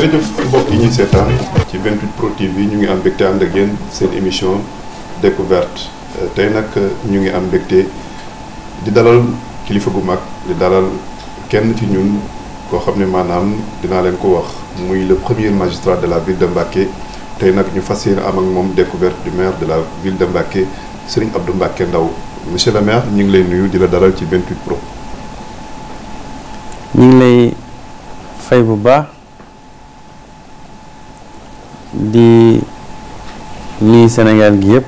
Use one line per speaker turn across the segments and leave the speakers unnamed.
jërëjëf mbokk yi ñuy seetaan ci 28 Pro TV ñu ngi am mbégte ànd ak yéen seen émission découverte tey nag ñu ngi am mbégte di dalal kilifa gu mag di dalal kenn ci ñun koo xam ne maanaam dinaa leen ko wax muy le premier magistrat de la ville de Mbacké tey nag ñu fas yéene am ak moom découverte du maire de la ville de Mbacké Serigne Abdou Mbacké ndaw monsieur le maire ñu ngi lay nuyu di la dalal ci 28 Pro.
ñu ngi lay fay bu baax. di nuyu Sénégal gi yëpp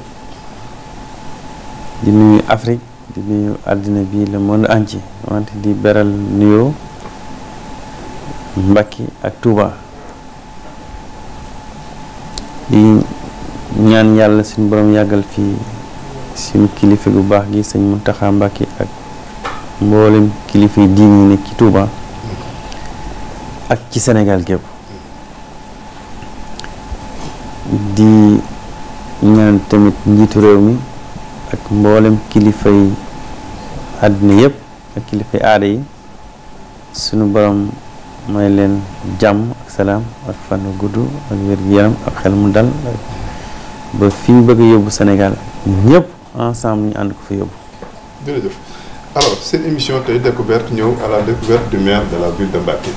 di nuyu Afrique di nuyu àddina bi le monde entier wante di beral nuyoo Mbàkke ak Touba di ñaan yàlla suñu borom yàggal fii suñu kilifa gu baax gi sëñ Muntaxa Mbàkke ak mboolem kilifa diin yi nekk ci Touba ak ci senegal gépp di ñaan tamit njiitu réew mi ak mboolem kilifay àddina yépp ak kilifay aada yi sunu baram may leen jàmm ak salaam ak fan gudd ak wér gu ak xel mu dal ba fi ñu bëgg yóbbu Sénégal ñëpp ensemble ñu ànd ko fi yóbbu.
jërëjëf seen émission tey découverte ñëw a la découverte du maire de la ville de Mbacké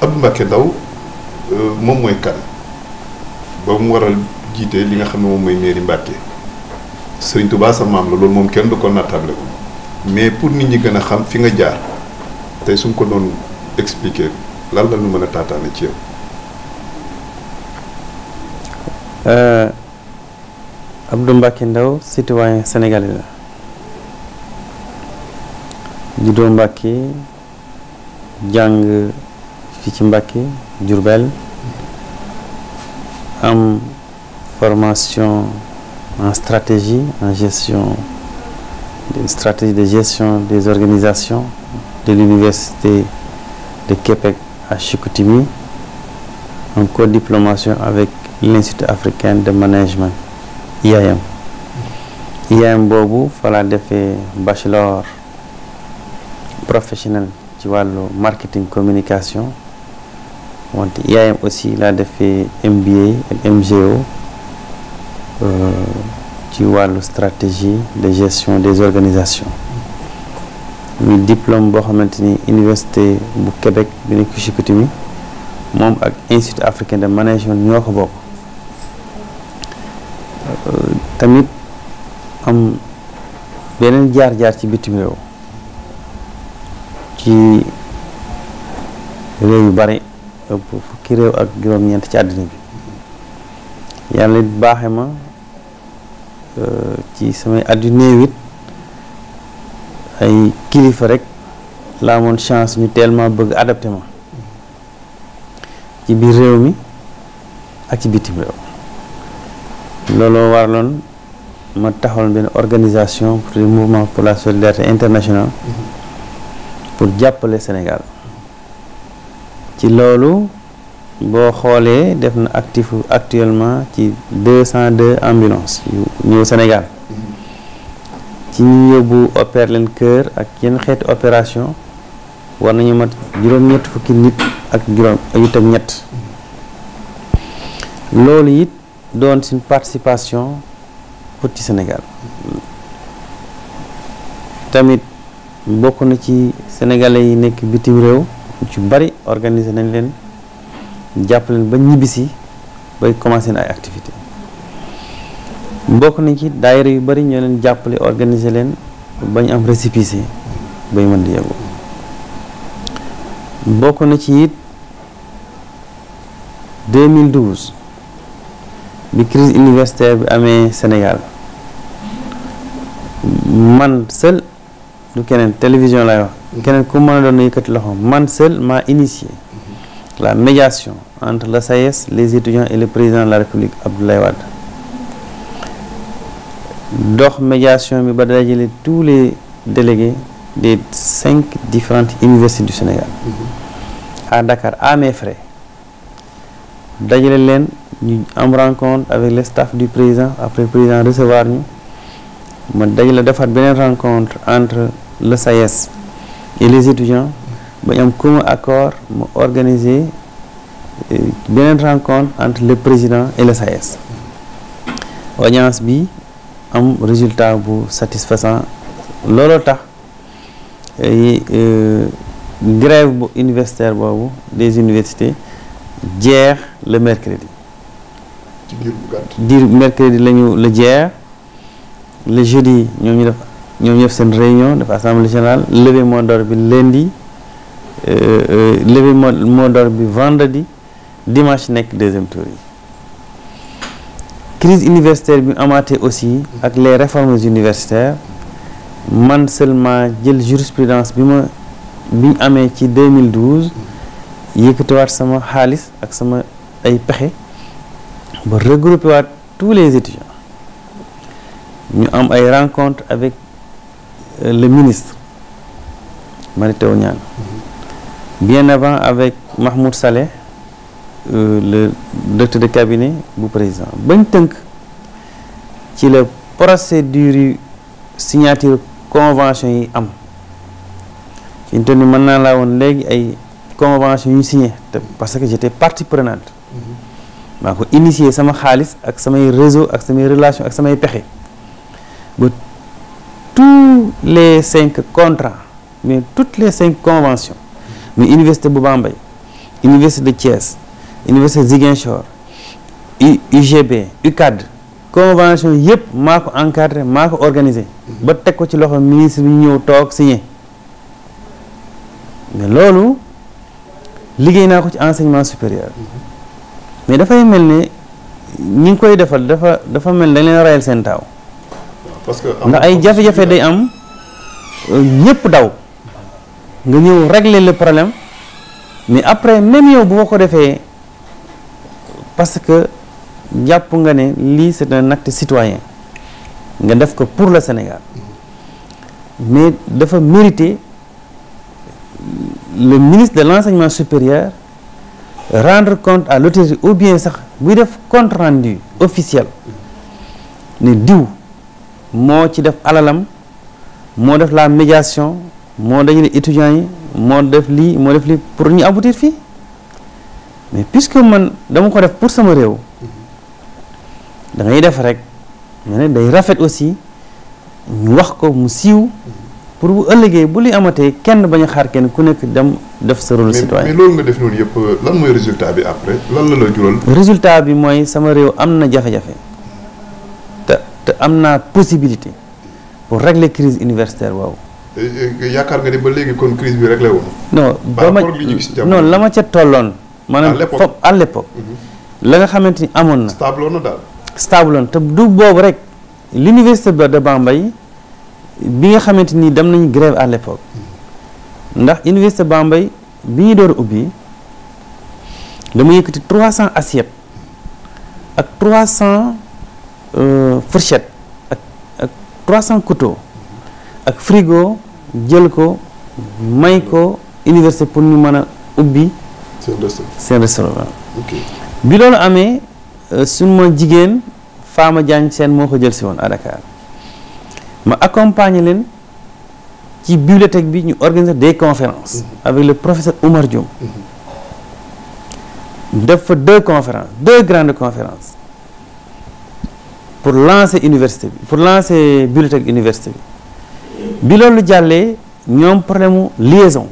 Abdou Mbacké Ndao euh, moom mooy kan. ba mu waral jiite li nga xam ne moom mooy mairie Mbacke Serigne Touba sa maam la loolu moom kenn du ko nattable ko mais pour nit ñi gën a xam fi nga jaar tey suñ ko doon expliquer lan la ñu mën a taataane ci yow.
Euh, Abdou Mbacke Ndao citoyen sénégalais la juddoo Mbacke jàng fii ci Mbacke Diourbel. am formation en stratégie en gestion une stratégie de gestion des organisations de l'université de Québec à Chicoutimi en co-diplomation avec l'Institut africain de management IAM IAM boobu fa laa defee bachelor professionnel ci wàllu marketing communication wante IAM aussi laa defee MBA ak MGO euh, ci wàllu stratégie de gestion des organisations muy diplôme boo xamante ni université bu Québec bi nekk Chicoutimi moom ak institut africain de management ñoo ko bokk euh, tamit am beneen jaar-jaar ci bitim réew ci réew yu bari ëpp réew ak juróom-ñeent ci àddina bi yàlla it baaxe ma euh, ci samay àddina yu it ay kilifa rek laa amoon chance ñu tellement bëgg adapté ma ci biir réew mi ak ci bitim réew looloo waraloon ma taxawal benn organisation pour le mouvement pour la solidarité internationale mm-hmm. pour jàppale Sénégal ci loolu boo xoolee def na actif actuellement ci deux cent deux ambulances yu ñëw Sénégal ci ñu yóbbu opère leen cœur ak yenn xeeti opération war nañu mat juróom-ñett fukki nit ak juróom it ak ñett loolu it doon suñ participation pour ci Sénégal tamit bokk na ci sénégalais yi nekk bitim réew ci bari organiser nañ leen jàpp leen ba ñibbisi bay commencé na ay activité bokk nañ ci daayira yu bari ñoo leen jàppale organiser leen bañ am récépissé bay mën di yeggu bokk na ci it 2012 bi crise universitaire bi amee Sénégal man seul du keneen télévision lay wax keneen ku mën a doon yëkkati loxoom man seul maa initié mhm. la médiation entre la SAES les étudiants et le président de la République Abdoulaye Wade dox médiation bi ba dajale tous les délégués de cinq différentes universités du Sénégal mhm. à Dakar à mes frais dajale leen ñu am rencontre avec le staff du président après président recevoir ñu ma dajale defaat beneen rencontre entre le SAES e et les étudiants ba ñu am commun accord mu organiser euh, beneen rencontre entre le président et le SAES e audience bi am résultat bu satisfaisant looloo tax euh, grève bu universitaire boobu des universités jeex le mercredi diir mercredi la ñu la jeex le jeudi ñoom ñu def ñoom ñëpp seen réunion dafa assemblée générale levée mot d'ordre bi lundi euh, euh, levée mot d'ordre bi vendredi dimanche nekk deuxième tour yi crise universitaire bi amaatee aussi ak les réformes universitaires man seulement jël jurisprudence bi ma bi amee ci 2012 yëkkatiwaat sama xaalis ak sama ay pexe ba regrouper waat tous les étudiants ñu am ay rencontre avec Euh, le ministre Mary Teuw Niane bien avant avec Mahmoud Saleh euh, le directeur de cabinet bu président bañ tënk ci la procédure yu signature convention yi am fi ñu toll mën naa laa woon léegi ay convention yu ñu signé te parce que j'étais partie prenante maa ko initié sama xaalis ak samay réseau ak samay relation ak samay pexe tous les cinq contrats mais toutes les cinq conventions mais université bu Bambey université de Thiès université Ziguinchor UGB UCAD convention yëpp maa ko encadré maa ko organiser ba teg ko ci loxo ministre bi ñëw toog si mais loolu liggéey naa ko ci enseignement supérieur mais dafay mel ni ñu ngi koy defal dafa dafa mel ne dañ leen rayal seen taaw parce que ndax ay jafe-jafe day am ñëpp daw nga ñëw régler le problème mais après même yow bu ma ko defee parce que jàpp nga ne li lii c'est un acte citoyen nga def ko pour le Sénégal mais dafa mériter le ministre de l'enseignement supérieur rendre compte à l'autorité ou bien sax buy def compte rendu officiel ne diw moo ci def alalam moo def la médiation moo dajale étudiants yi moo def lii moo def lii pour ñu aboutir fii mais puisque man dama ko def pour sama réew dangay ngay def rek ma ne day rafet aussi ñu wax ko mu siiw pour bu ëllëgee bu luy amatee kenn bañ a xaar kenn ku nekk dem def sa rôle citoyen mais
loolu nga def noonu yëpp lan mooy résultat bi après lan la la jural.
résultat bi mooy sama réew am na jafe-jafe. te am naa possibilité pour régler crise universitaire waaw.
yaakaar nga ni ba léegi kon crise bi réglé woon.
non ba ma non la ma ca tolloon. maanaam foofu à l'époque
mhm.
la nga xamante ni amoon na. stable na daal. stable woon te du boobu rek l'université de Bambey bi nga xamante ni dem nañu grève à l'époque ndax université Bambey bi ñu door ubbi dama yëkkati 300 assiettes ak 300. Euh, fourchette ak ak 300 couteaux ak frigo jël ko may ko université pour ñu mën a ubbi.
seen
restaurant bi loolu amee euh, suñu ma jigéen Fama Diagne seen moo ko jël si woon ma accompagner leen ci bibliothèque bi ñu organiser des conférence Mmh. avec le professeur Oumar Diop. Mhm. def fa deux conférences deux grandes conférences. pour lancer université bi pour lancer bibliothèque université bi bi loolu jàllee ñoom problème mu liaison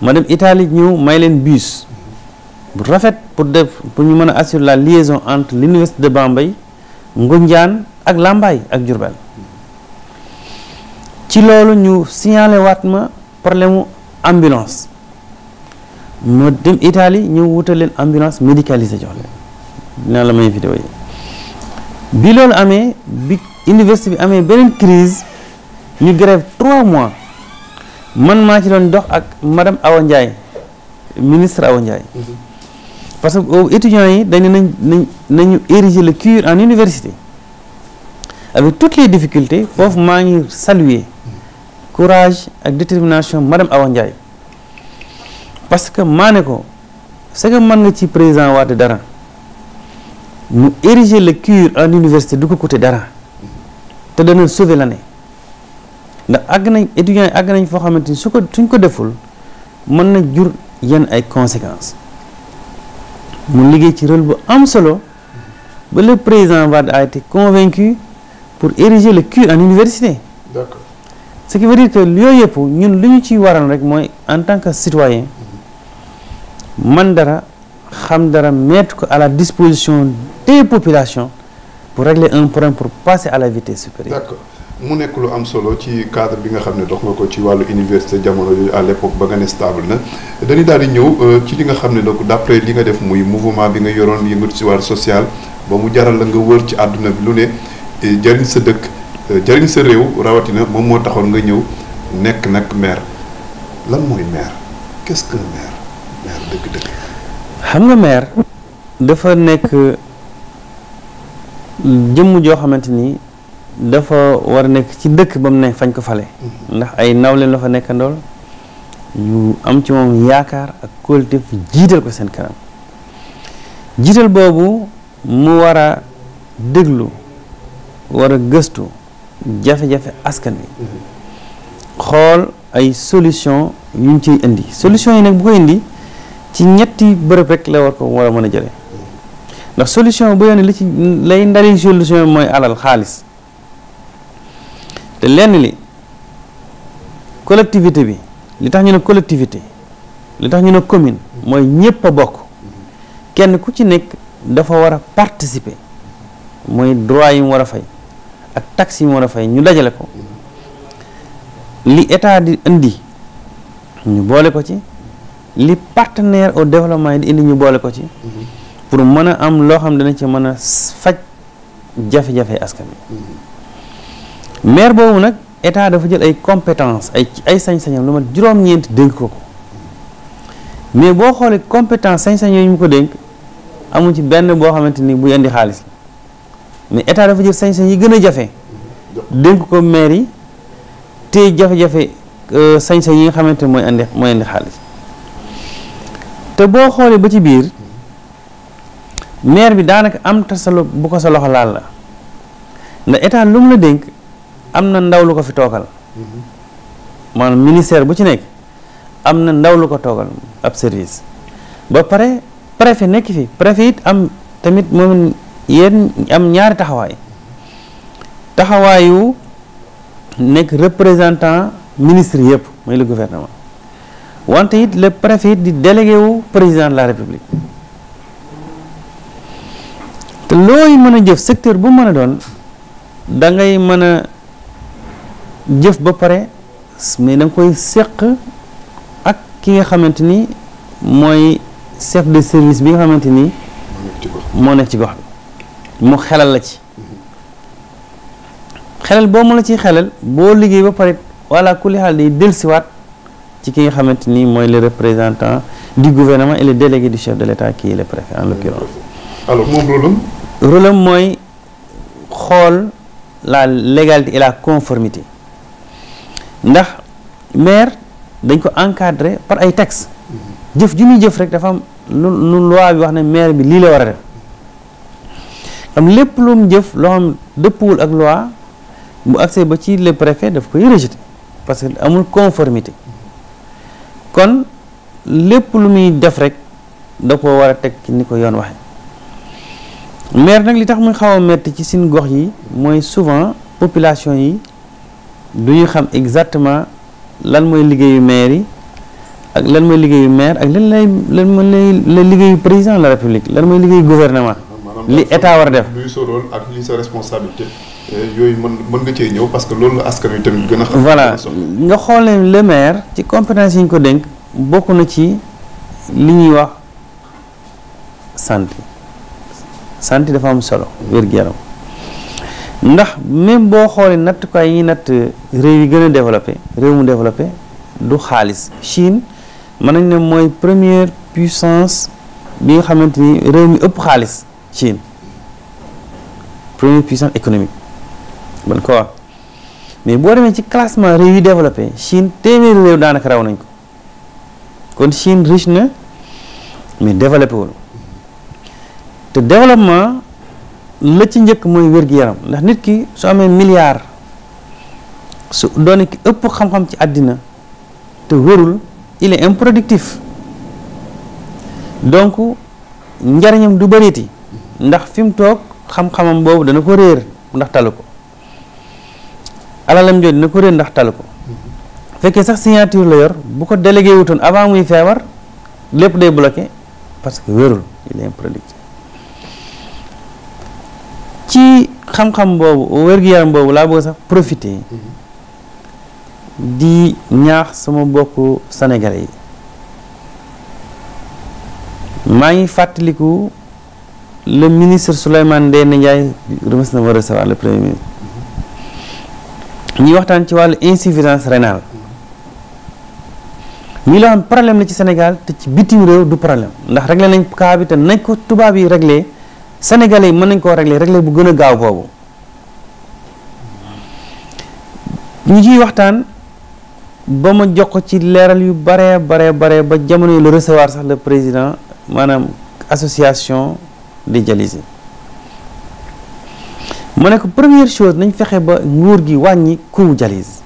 ma dem Italie ñëw may leen bus bu rafet pour def pour ñu mën a assurer la lieson entre l'université de Bambey Ngoundiane ak Lambaye ak Diourbel ci loolu ñu signalé ma problème mu ambulance ma dem Italie ñëw wutal leen ambulance médicalisée jox leen dinaa la may vidéo yi bi loolu amee bi université bi amee beneen crise ñu grève trois mois man maa ci doon dox ak madame Awa Ndiaye ministre Awa Ndiaye parce que boobu étudiants yi dañ nañ nañ nañu ériger le CUR en université avec toutes les difficultés foofu maa ngi saluer courage ak détermination madame Awa Ndiaye parce que maa ne ko c'est que mën nga ci président waate dara ñu ériger la CUR en université du ko coûté dara te dana sauver l'année ndax àgg nañ étudiants yi àgg nañ foo xamante ni su ko suñ ko deful mën na jur yenn ay conséquences mu liggéey ci rôle bu am solo ba le président Wade a été convaincu pour ériger le CUR en université. d'accord ce qui veut dire que yooyu yëpp ñun lu ñu ci waral rek mooy en tant que citoyen man dara xam dara mettre ko à la disposition. téye population pour régler un problème pour passer à la vitesse supérieure. D'accord.
mu nekk lu am solo ci cadre bi nga xam ne dox nga ko ci wàllu université jamono yooyu à l'époque ba nga ne stable na danuy daal di ñëw euh, ci li nga xam ne donc d'après li nga def muy mouvement bi nga yoroon yëngatu ci wàllu social ba mu jaral la nga wër ci àdduna bi lu ne jariñ sa dëkk euh, jariñ sa réew rawatina moom moo taxoon nga ñëw nekk nag maire lan mooy maire qu'est-ce que maire maire
dëgg jëmm joo xamante ni dafa war a nekk ci dëkk ba mu ne fañ ko fale mhm. ndax ay nawleen la fa nekkandool yu am ci moom yaakaar ak kóolute fi jiital ko seen kanam jiital boobu mu war a déglu war a gëstu jafe-jafe askan bi mhm. xool ay solution yu ngi ciy indi solution yi nag bu ko indi ci ñetti bërëb rek la war ko war a mën a jële ndax solution bu yoon li ci lay ndari solution bi mooy alal xaalis te lenn li collectivité bi li tax ñu ne collectivité li tax ñu ne commune mooy ñépp a bokk kenn ku ci nekk dafa war a participer mooy droit yi mu war a fay ak taxe yi mu war a fay ñu dajale ko li état di indi ñu boole ko ci li partenaire au développement yi di indi ñu boole ko ci pour mën a am loo xam dana ci mën a faj jafe-jafe askan bi maire boobu nag état dafa jël ay compétence ay ay sañ-sañam lu ma juróom-ñeent dénk ko ko mais boo xoolee compétence sañ-sañ mu ko dénk amul ci benn boo xamante ni buy indi xaalis mais état dafa jël sañ-sañ yi gën a jafe dénk ko maire yi te jafe-jafe euh, sañ-sañ yi nga xamante ni mooy indi mooy indi xaalis te boo xoolee ba ci biir maire bi daanaka am ta sa bu ko sa loxo laal la ndax état lu mu la dénk am na ndaw lu ko fi toogal maanaam ministère bu ci nekk am na ndaw lu ko toogal ab service ba pare préfet nekk fi préfet it am tamit moom yéen am ñaari taxawaay taxawaayu nekk représentant ministre yëpp mooy la gouvernement wante it le préfet di délégué wu président de la république looy mën a jëf secteur bu mën a doon dangay mën a jëf ba pare mais da koy seq ak ki nga xamante ni mooy chef de service bi nga xamante ni moo nekk ci gox bi mu xelal la ci xelal boo mu la ciy xelal boo liggéey ba pare walla ku li xaal day dellusiwaat ci ki nga xamante nii mooy le représentant du gouvernement et le délégué du chef de l'État qui est le préfet en l'occurrence moom loolu rôle mooy xool la légalité et la conformité ndax maire dañ ko encadré par ay tex mm-hmm. jëf ju muy jëf rek dafa am lu lu bi wax ne maire bi lii la war a def xam lépp lu jëf loo dëppwul ak loi bu accès ba ci le préfet daf koy rejeté parce que amul conformité mm-hmm. kon lépp lu muy def rek da ko war a teg ci ni ko yoon waxee maire nag li tax muy xaw a metti ci seen gox yi mooy souvent population yi du ñu xam exactement lan mooy liggéeyu maire yi ak lan mooy liggéeyu maire ak lan lay lan mooy la liggéeyu président de la république lan mooy liggéeyu gouvernement. li état war def
luy sa rôle ak luy sa responsabilité. Eh, yooyu mën mën nga cee ñëw parce que loolu askan wi tamit gën a
xam. nga xoolee le maire ci compétence yi ñu ko dénk bokk na ci li ñuy wax santé. santé dafa am solo wér-gu-yaram ndax même boo xoolee nattukaay yi natt réew yi gën a développé réew mu développé du xaalis Chine mën nañ ne mooy première puissance bi nga xamante ni réew mi ëpp xaalis Chine première puissance économique ban ko wax mais boo demee ci classement réew yi développé Chine téeméeri réew daanaka raw nañ ko kon Chine rich na mais développé wul te développement la ci njëkk mooy wér-gu-yaram ndax nit ki su amee milliard su doone ki ëpp xam-xam ci àddina te wérul il est improductif donc njariñam du bëreeti ndax fi mu toog xam-xamam boobu dana ko réer ndax talu ko alalam jooju dana ko réer ndax talu ko fekkee sax signature la yor bu ko délégué wutoon avant muy feebar lépp day bloqué parce que wérul il est improductif ci xam-xam boobu wér-gu-yaram boobu laa bëgg sax profité di ñaax sama mbokku sénégalais yi maa ngi fàttaliku la ministre Souleymane Ndéné Ndiaye remis na ma recevoir le premier ministre ñuy waxtaan ci wàllu insuffisance rénale ñii la xam problème la ci Sénégal te ci bitim réew du problème ndax réglé nañ cas te nañ ko tubaab yi réglé sénégalais yi mën nañ koo régler régler bu gën a gaaw boobu ñu ciy waxtaan ba ma jox ko ci leeral yu bare bare bare ba jamono yi la recevoir sax le président maanaam association des dialysés ma ne ko première chose nañ fexe ba nguur gi wàññi coût dialyse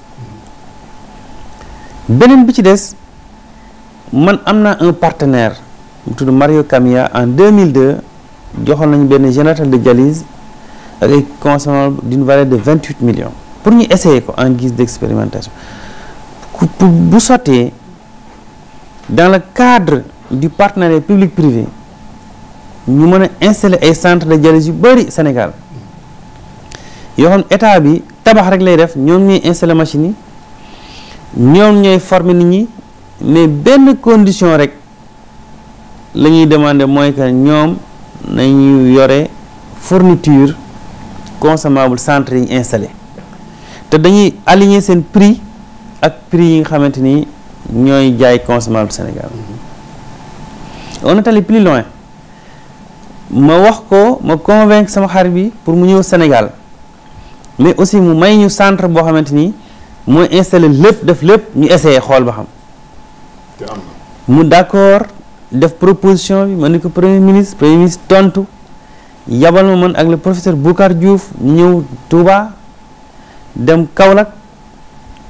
beneen bi ci des man am naa un partenaire mu tudd Mario Camia en 2002 joxoon nañu benn générateur de dialyse ak ay consommable d'une valeur de vingt huit million pour ñu essayer ko en guise d'expérimentation bu sotee dans le cadre du partenariat public privé ñu mën a installé ay centre de dialyse yu bëri Sénégal yoo xam état bi tabax rek lay def ñoom ñooy installer machines yi ñoom ñooy former nit ñi mais benn condition rek la ñuy demander mooy que ñoom nañu yore fourniture consommable centre yi ñu te dañuy aligner seen prix ak prix yi nga xamante ni ñooy jaay consommable Sénégal on est allé plus loin ma wax ko ma convaincre sama xarit bi pour mu ñëw Sénégal mais aussi mu may ñu centre boo xamante ni mooy installé lépp def lépp ñu essayé xool ba xam mu d'accord def proposition bi ma ne ko premier ministre premier ministre tontu yabal ma mën ak le professeur Boucar Diouf ñëw Touba dem Kaolack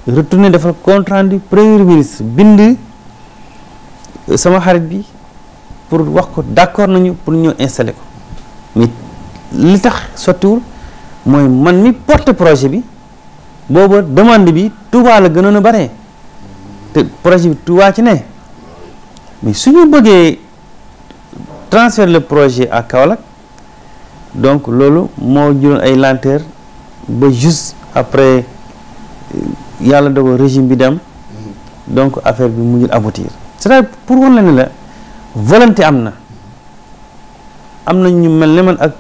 retourné defal compte rendu premier ministre bind euh, sama xarit bi pour wax ko d'accord nañu pour ñëw installé ko mais li tax sottiwul mooy man mi porte projet bi booba demande bi Touba la gënoon a bare te projet bi Touba ci ne mais su ñu bëggee transférer le projet à Kaolack donc loolu moo juróon ay lenteur ba juste après euh, yàlla dogal régime bi dem donc affaire bi mujjul aboutir cest à pour wan la ne la volonté am na am na ñu mel ne man ak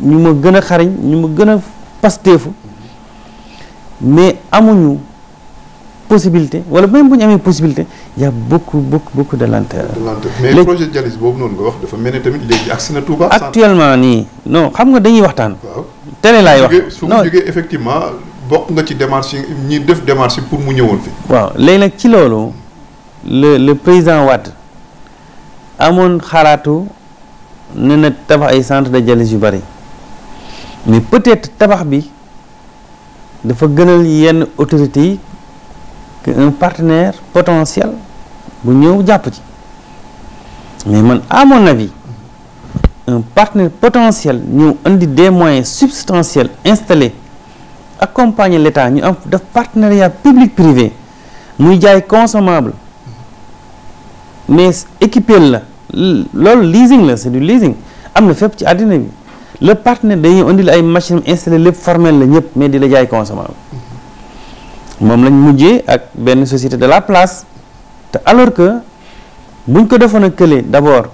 ñu ma gën a xariñ ñu ma gën a pasteefu mais amuñu possibilité wala même bu ñu amee possibilité y' a beaucoup beaucoup beaucoup de mais le projet
dialyse boobu noonu nga wax dafa mel ne tamit léegi agsi na Touba. actuellement
nii non xam nga dañuy waxtaan. waaw télé laay wax
su ma jógee effectivement bokk nga ci démarche yi ñi def démarche pour mu ñëwoon fi.
waaw léegi nag ci loolu le le président Wade amoon xalaatu ne tabax ay centre de dialyse yu bari mais peut-être tabax bi dafa gënal yenn autorités yi que un partenaire potentiel. bu ñëw jàpp ci mais man amoon mon avis un partenaire potentiel ñëw indi des moyens substantiels installés accompagner l'État ñu am def partenariat public privé muy jaay consommable mais équiper la loolu leasing la c'est du leasing am na fépp ci àddina bi le partenaire dañuy indi la ay machine installé lépp formel la ñëpp mais di la jaay consommable moom lañ mujjee ak benn société de la place te alors que buñ ko defoon a kële d' abord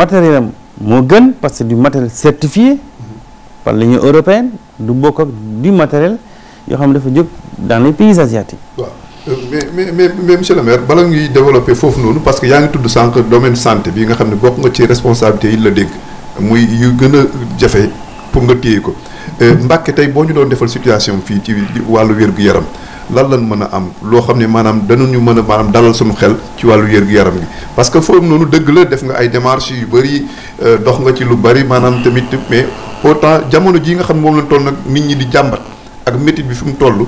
matériel moo gën parce que du matériel certifié par l'Union européenne du bokk ak du matériel yoo xam ne dafa jóg dans les pays asiatiques. waaw
mais mais mais mais monsieur le maire bala ñuy développé foofu noonu parce que yaa ngi tudd sànq domaine santé bi nga xam ne bokk nga ci responsabilité yi la dégg muy yu gën a jafe pour nga téye ko euh, Mbàkke tey boo ñu doon defal situation fii ci wàllu wér-gu-yaram. lan lan mën a am loo xam ne maanaam ñu mën a maanaam dalal suñu xel ci wàllu yër-gu-yaram gi parce que foofu noonu dëgg la def nga ay démarches yu bëri euh, dox nga ci lu bëri maanaam tamit mais temps jamono jii nga xam moom lañ toll nag nit ñi di jàmbat ak métit bi fi mu toll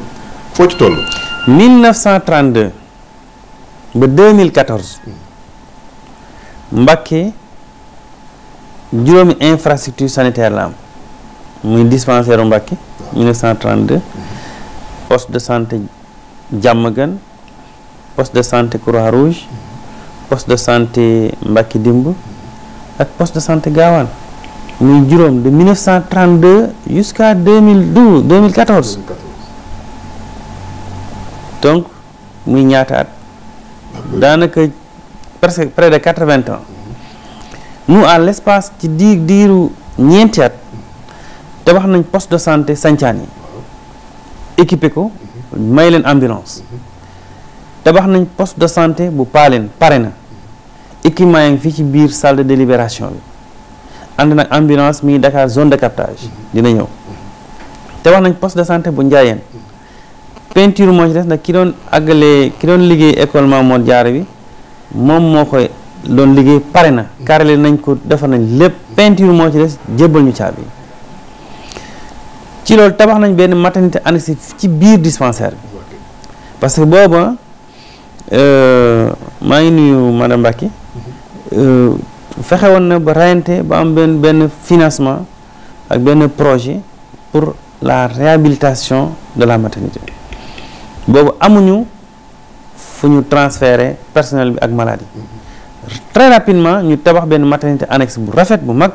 foo ci toll 1932 ba 2014
Mbacké juróomi infrastructure sanitaire la am muy dispensaire u Mbacké 1932 poste de santé Diamaguène poste de santé Croix Rouge poste de santé Mbacke Dimb ak poste de santé Gawane muy juróom de 1932 jusqu'à 2012 2014 donc muy ñaata at daanaka presque près de 80 ans nous à l'espace ci diir diiru ñeenti at te wax nañ poste de santé sancaan yi équipé ko may leen ambulance tabax nañ poste de santé bu paaleen pare na équipement ngi fii ci biir salle de délibération bi ànd nag ambulance mi Dakar zone de captage dina ñëw tabax nañ poste de santé bu njaayeen peinture moo ci des nag ki doon àggalee ki doon liggéey écolement Mamour Diarra bi moom moo ko doon liggéey pare na carrelé nañ ko defar nañ lépp peinture moo ci des jébbal ñu caabi ci loolu tabax nañu benn maternité annexe ci biir dispensaire bi parce que booba euh, maa ngi nuyu madame Mbacke euh, fexe woon na ba rayante ba am benn benn financement ak benn projet pour la réhabilitation de la maternité boobu amuñu fu ñu transférer personnel bi ak maladie très rapidement ñu tabax benn maternité annexe bu rafet bu mag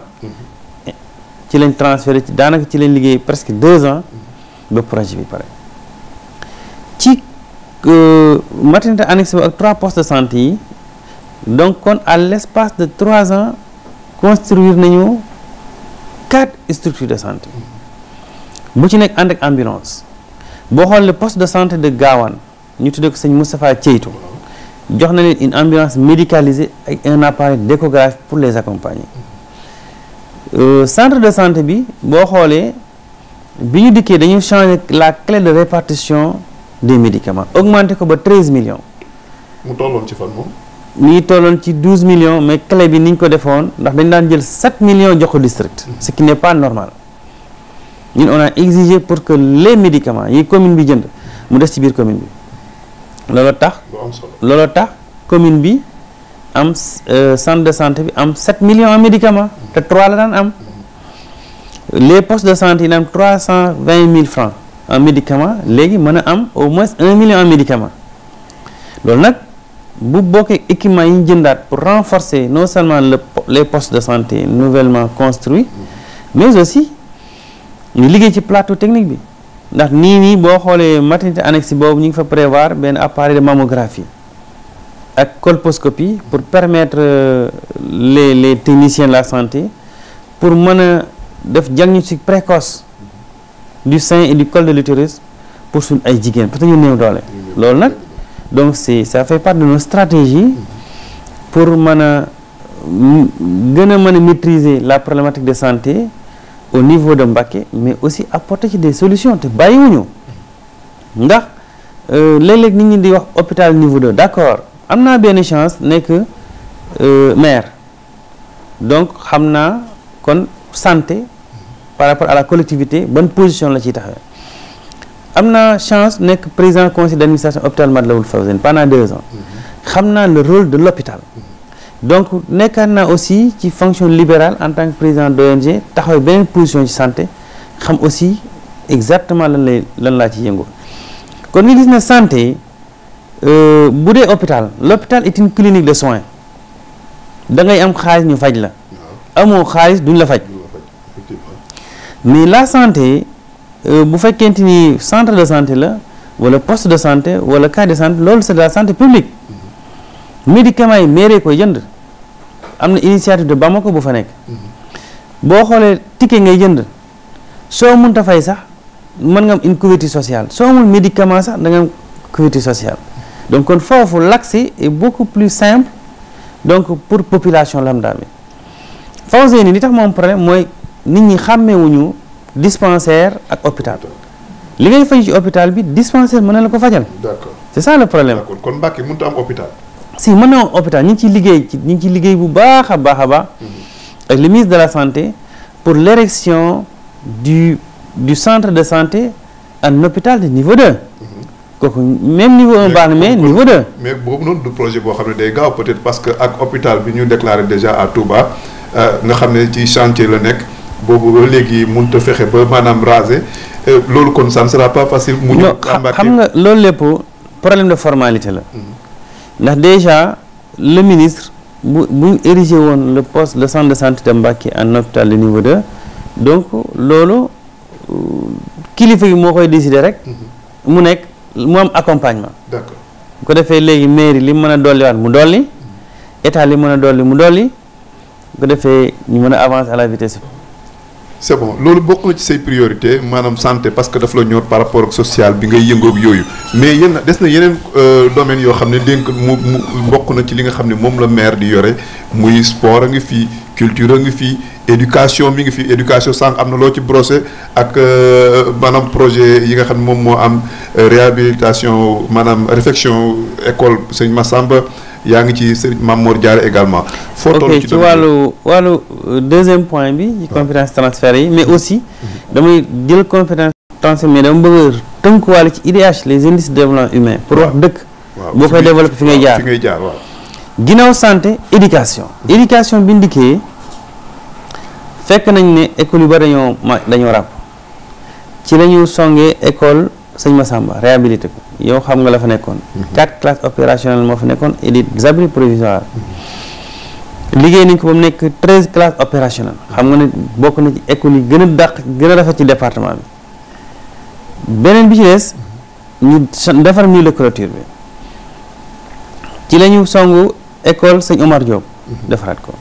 ci lañ transféré ci daanaka ci lañ liggéey presque deux ans ba projet bi pare ci euh, maternité annexe bi ak trois postes de santé yi donc kon à l'espace de trois ans construire nañu quatre structures de santé bu ci nekk ànd ak ambulance boo xool le poste de santé de gaawaan ñu tuddee ko sëñ Moustapha Ceytu jox na leen une ambulance médicalisée ak un appareil d'échographie pour les accompagner Euh, centre de santé bi boo xoolee bi ñu dikkee dañu changer la clé de répartition des médicaments augmenté ko ba 13 millions.
mu tolloon ci fan moom.
mi ngi tolloon ci 12 millions mais cle bi ni ñu ko defoon ndax dañ daan jël 7 millions jox ko district. ce qui n'est pas normal ñun on a exigé pour que les médicament yi commune bi jënd mu des ci biir commune bi looloo tax. looloo tax commune bi. am euh, centre de santé bi am 7 millions en médicaments te 3 la daan am les postes de santé yi na am 320 mille francs en médicament léegi mën a am au moins 1 million en médicament loolu nag bu bokkee équipement yi ñu jëndaat pour renforcer non seulement le les postes de santé nouvellement construits mais aussi ñu liggéey ci plateau technique bi ndax nii nii boo xoolee maternité annexe boobu ñu ngi fa prévoir benn appareil de mammographie ak colposcopie pour permettre euh, les les techniciens de la santé pour mën a def diagnostic précoce du sein et du col de l'utérus pour su ay jigéen parce que ñu néew doole loolu nag donc c'est ça fait part de nos stratégies pour mën a mm, gën a mën a maitriser la problématique de santé au niveau de Mbacké mais aussi apporter ci des solutions te bàyyiwuñu ndax euh, léeg-léeg nit ñi di wax hôpital niveau 2 d'accord am naa benn chance nekk euh, maire donc xam naa kon santé par rapport à la collectivité bonne position la ciy taxawee am naa chance nekk président conseil d' administration hôpital Matlaboul Fawzeyni pendant deux ans xam naa le rôle de l'hôpital donc nekkaat naa aussi ci fonction libérale en tant que président d'ONG taxaw benn position ci santé xam aussi exactement lan lay lan laa ci yëngu kon nga gis santé Euh, bu dee hôpital l'hôpital est une clinique de soins da ngay am xaalis ñu faj la ah. amoo xaalis duñ la faj mais la santé euh, bu fekkente ni centre de santé la wala post de santé wala cas de santé loolu c'est de santé publique mm-hmm. médicaments yi mairie koy jënd am na initiative de Bamako bu fa nekk mm-hmm. boo xoolee ticket ngay jënd soo mun ta fay sax mën nga am une couverture sociale soo amul médicament sax da nga am couverture sociale donc kon foofu l'accès est beaucoup plus simple donc pour population lambda bi Fawzeyni li tax moom problème mooy nit ñi xàmmewuñu dispensaire ak hôpital li ngay faju ci hôpital bi dispensaire mën na la ko fajal. d'accord c'est ça le problème.
kon Mbacke a am hôpital.
si mën na am hôpital ñu ngi ciy liggéey ñu ngi ciy liggéey bu baax a baax a baax. Mhm. ak le de la santé pour l'érection du du centre de santé un hôpital de niveau 2. kooku même niveau un baax na mais niveau deux.
mais boobu noonu du projet boo xam ne day gaaw peut-être parce que ak hôpital bi ñu déclaré déjà à Touba euh, nga xam ne ci chantier la nekk boobu ba léegi mënut a fexe ba maanaam raser euh, loolu kon ça ne sera pas facile. mu ñu xam nga loolu lépp problème de formalité la. Mm-hmm. ndax déjà la
ministre bu bu érigé woon le poste le centre de santé de Mbacké en hôpital de niveau 2 donc loolu euh, kilifa yi moo koy décider rek. Mm-hmm. mu nekk. mu am accompagnement. d'accord bu ko defee léegi mairie li mën a dolliwaat mu dolli état li mën a dolli mu dolli bu ko defee ñu mën a avancer à la vitesse.
c'est bon loolu bokk na ci say priorité maanaam santé parce que daf la ñor par rapport ak social bi ngay yëngoog yooyu mais yéen des na yeneen euh, domaine yoo xam ne dénk mu mu bokk na ci li nga xam ne moom la maire di yore muy sport a ngi fii. culture ngi fi éducation mi ngi fi éducation sànq am na loo ci brosser ak euh, maanaam projet yi nga xam ne moom moo am euh, réhabilitation maanaam réfection école sëñ Massamba yaa ngi ci sëñ Mamor Diarra également. foo toll ci wàllu
wàllu euh, deuxième point bi. ci compétence transfert yi mais mmh. aussi. damay jël compétence transfert mais dama bëgg a waal ci IDH les indices de développement humain. pour wax dëkk.
boo koy développé fi ngay jaar fi ngay jaar waaw.
ginnaaw santé éducation éducation bi ndikkee fekk nañ ne école yu bari dañoo ma dañoo ràpp ci la songee école sëñ Massamba réhabilité ko yow xam nga la fa nekkoon mhm. quatre classes opérationnelles moo fa nekkoon et des abris provisoires liggéey nañ ko ba mu nekk treize classes opérationnelles xam nga ne bokk na ci école yi gën a dàq gën a rafet ci département bi beneen bi ci des defar mur bi ñu songu école sëñ Omar Diop. defaraat ko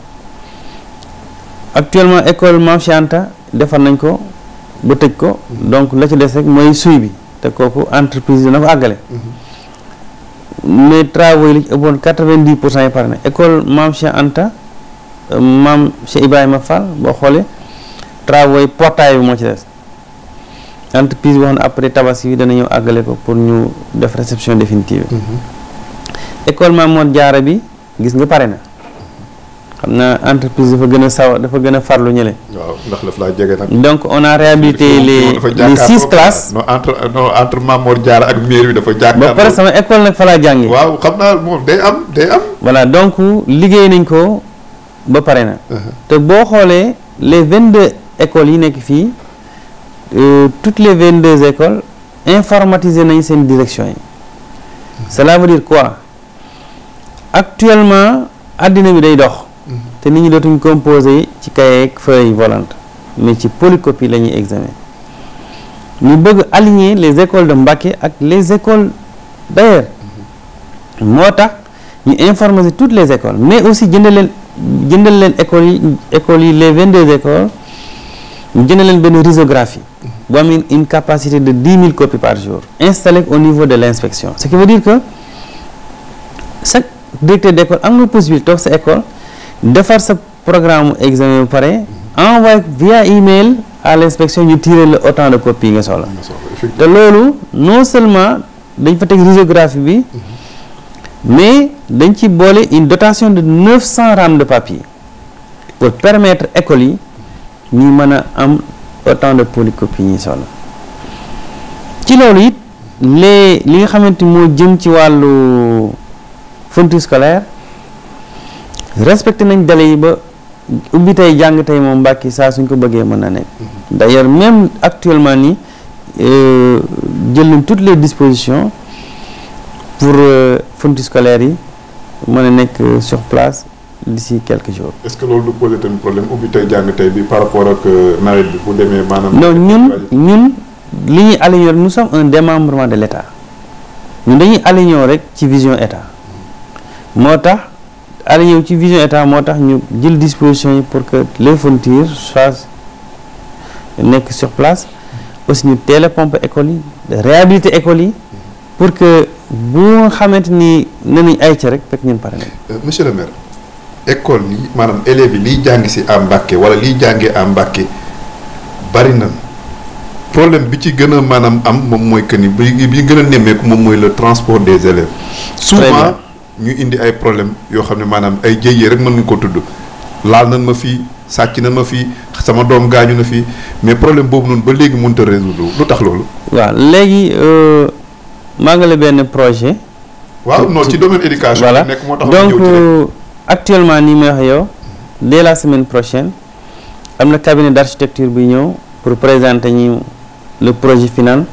actuellement école Mame Cheikh Anta defar nañ ko ba tëj ko donc la ci des rek mooy suy bi te kooku entreprise dina ko àggale. mais travaux yi la ci ëppoon pour cent yi pare na école Mame Cheikh Anta euh, Mame Cheikh Ibrahima Fall boo xoolee travaux yi portail bi moo ci des. entreprise boo xam ne après tabaski bi dana ñëw àggale ko pour ñu def réception définitive. Mm-hmm. école Maam Mor Jaara bi. gis nga pare na xam na entreprise dafa gën a saw dafa gën a farlu ñële.
waaw ndax daf laa jege nag. donc on a réhabilité les les six classes. non entre non entre Mamor Diarra bi dafa jàkkaarloo. ba pare sama
école nag fa laa jàngee. waaw xam naa moom day am day am. voilà donc liggéey nañ ko ba pare na. Uh-huh. te boo xoolee les vingt deux écoles yi nekk fii euh, toutes les vingt deux écoles informatiser nañu seen direction yi. Uh-huh. cela veut dire quoi. actuellement àddina bi day dox mhm. te nit ñu dootuñ composé ci cahier ak feuille volante mais ci polycopie la ñuy examen ñu bëgg aligner les écoles de Mbacké ak les écoles d'ailleurs mhm. moo tax ñu informer toutes les écoles mais aussi jëndal leen jëndal leen écoles yi écoles yi les 22 écoles ñu jëndal leen benn risographie mhm. bu am une capacité de 10 mille copies par jour installée au niveau de l'inspection ce qui veut dire que directeur d' école am nga possibilité toog sa école defar sa programme examen bu pare envoyé via email à l' inspection ñu tiré la autant de copies yi nga soxla te loolu non seulement dañ fa teg risographie bi mhm. mais dañ ci boole une dotation de cent rames de papier pour permettre écoles yi ñu mën a am autant de polycopies ñuy soxla ci loolu it les li nga xamante moo jëm ci wàllu fournitures scolaires respecté nañ délai yi ba ubbi tey jàng tey moom mbàkki saa suñ ko bëggee mën na nekk mhm. d'ailleurs même actuellement nii euh, jël nañ toutes les dispositions pour euh, fournitures scolaires yi mën a nekk euh, sur place d'ici si jours.
est-ce que loolu du poser tamit problème ubbi tey jàng tey bi par rapport ak nawet bi bu demee maanaam. non
ñun ñun li ñuy aligné nous sommes un démembrement de l'État ñun dañuy aligné rek ci vision État. moo tax yow ci vision état moo tax ñu jël disposition yi pour que les fournitures soit nekk sur place aussi ñu teel a pompe école yi réhabiliter école yi pour que bu nga xamante ni nanuñ ay ca rek fekk ñun pare nañ. Euh, monsieur
le maire école yi maanam élèves yi liy jàng si à Mbacké wala liy jàngee am Mbacké bari na problème bi ci gën a maanaam am moom mooy que ni bi bi gën a nemmeeku moom mooy le transport des élèves. souvent ñu indi ay problème yoo xam ne maanaam ay jéyee rek mën nga ko tudd laal nan ma fii sàcc nan ma fii sama doom gaañu na fii mais problème boobu noonu ba léegi mënut a résoudre lu tax loolu.
waa léegi euh, maa ngi la benn projet.
waaw non ci domaine éducation. voilà nekk moo tax donc euh,
actuellement nii may wax yow dès la semaine prochaine am na cabinet d'architecture bi ñëw pour présenter ñu le projet final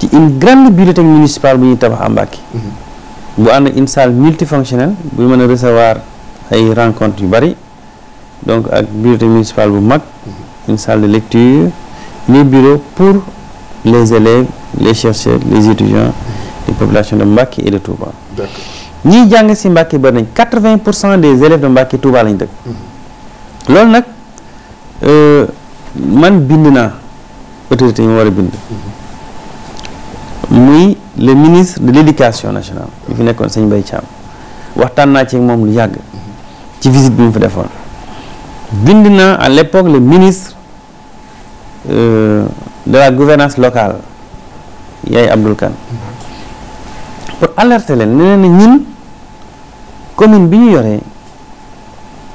ci une grande bibliothèque municipale bu ñuy tabax à Mbacké. Mhm. bu ànd une salle multifonctionnelle bu mën a recevoir ay rencontres yu bari donc ak bibliothèque municipale bu mag une salle de lecture les bureaux pour les élèves les chercheurs les étudiants les populations de Mbacké et de Touba. d'accord jàng ci Mbacké ba nañ quatre-vingt pour cent des élèves de Mbacké Touba lañ dëkk.
Mhm.
loolu nag euh, man bind naa autorité yi ma war a bind. Mhm. muy le ministre de l'éducation nationale bi fi nekkoon sëñ Mbaye Thiam waxtaan naa ci moom lu yàgg ci visite bi mu fi defoon bind na à l'époque le ministre euh, de la gouvernance locale Yaye Abdoul Kane pour alerter leen nee na ñun commune bi ñu yoree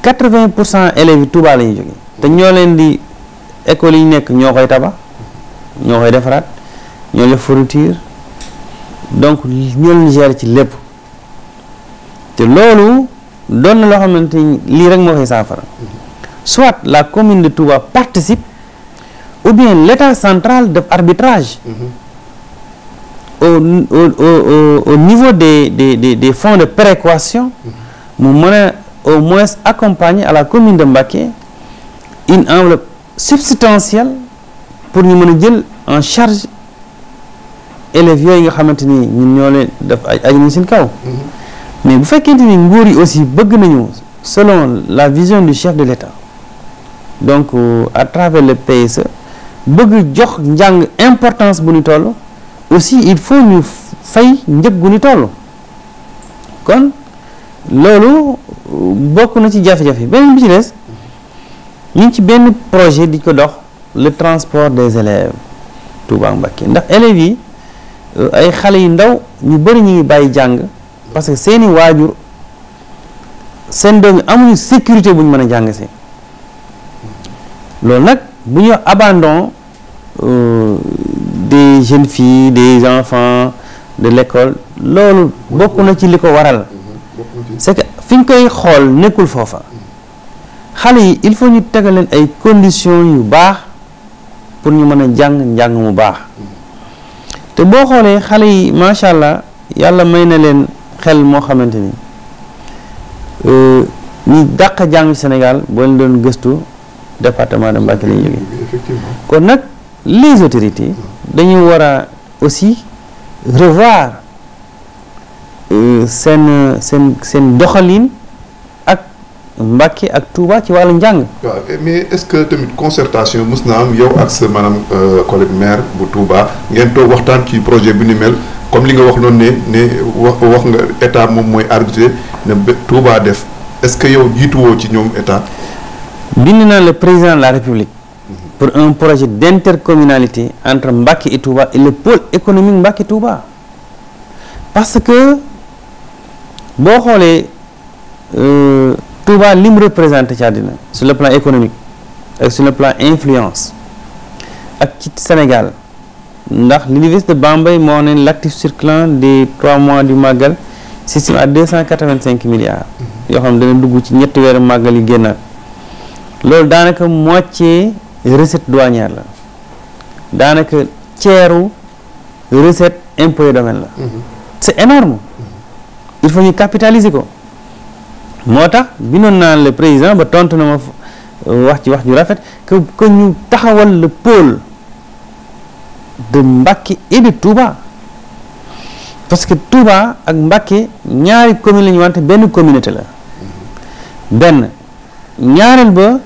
quatre-vingt pour cent élèves yi Touba la ñuy jóge te ñoo leen di école yi nekk ñoo koy tabax ñoo koy defaraat ñoo jox fourniture donc ñoom géré ci lépp te loolu doon na loo xamante ni lii rek moo koy saafara soit la commune de Touba participe ou bien l'état central def arbitrage au au au niveau des des des des fonds de péréquation mu mën a au moins accompagner à la commune de Mbacké une enveloppe substantielle pour ñu mën a jël en charge élèves yooyu nga xamante ni ñun ñoo leen def aj nañ seen kaw mais bu fekkente ni nguur yi aussi bëgg nañu selon la vision du chef de l'État donc euh, à travers le PSE bëgg jox njàng importance bu ñu toll aussi il faut ñu fay njëg gu ñu toll kon loolu euh, bokk na ci jafe-jafe benn bi ci des ñu ngi ci benn projet di ko dox le transport des élèves Touba Mbacké ndax élèves yi ay xale yu ndaw ñu bëri ñu ngi bàyyi jàng parce que seeni waajur seen doom yi amuñu sécurité bu ñu mën a jàng see loolu nag bu ñu abandon euh, des jeunes filles des enfants de l'école loolu bokk na ci li ko waral c'est que fi ñu koy xool nekkul foofa xale yi il faut ñu tegal leen ay conditions yu baax pour ñu mën a jàng njàng mu baax te boo xoolee xale yi macha allah yàlla may na leen xel moo xamante ni euh, ñu dàq jàng Sénégal boo leen doon gëstu département de Mbacké la ñu jógee kon nag les autorités dañu war a aussi revoir euh, seen seen seen doxalin
Mbacké ak Touba ci wàllu njàng. waaw mais est-ce que tamit concertation mos na am yow ak sa maanaam euh, collègue maire bu Touba ngeen waxtaan ci projet bi ni mel comme li nga wax noonu ne ne wax wax nga état moom mooy arbitré ne Touba def est-ce que yow jiituwoo ci ñoom état. bind naa le président de la République.
pour un projet d'intercommunalité entre Mbacké et Touba et le pôle économique Mbacké Touba parce que boo xoolee. Euh, Touba li mu représenté ci àddina sur le plan économique ak sur le plan influence ak ci Sénégal ndax l'université de Bambey moo ne l'actif circulant des trois mois du màggal système à deux cent quatre cinq milliards mm-hmm. yoo xam ne dana dugg ci ñetti weeru màggal yi génnaat loolu daanaka moitié recette douanière la daanaka ceeru recette impôt domaine la mm-hmm. c'est énorme mm-hmm. il faut ñu capitaliser ko moo tax binoon naan le président ba tontu na ma wax ci wax ju rafet que que ñu taxawal la pôle de Mbacké et de Touba parce que Touba ak Mbacké ñaari commune la ñu wante benn communauté la benn ñaareel ba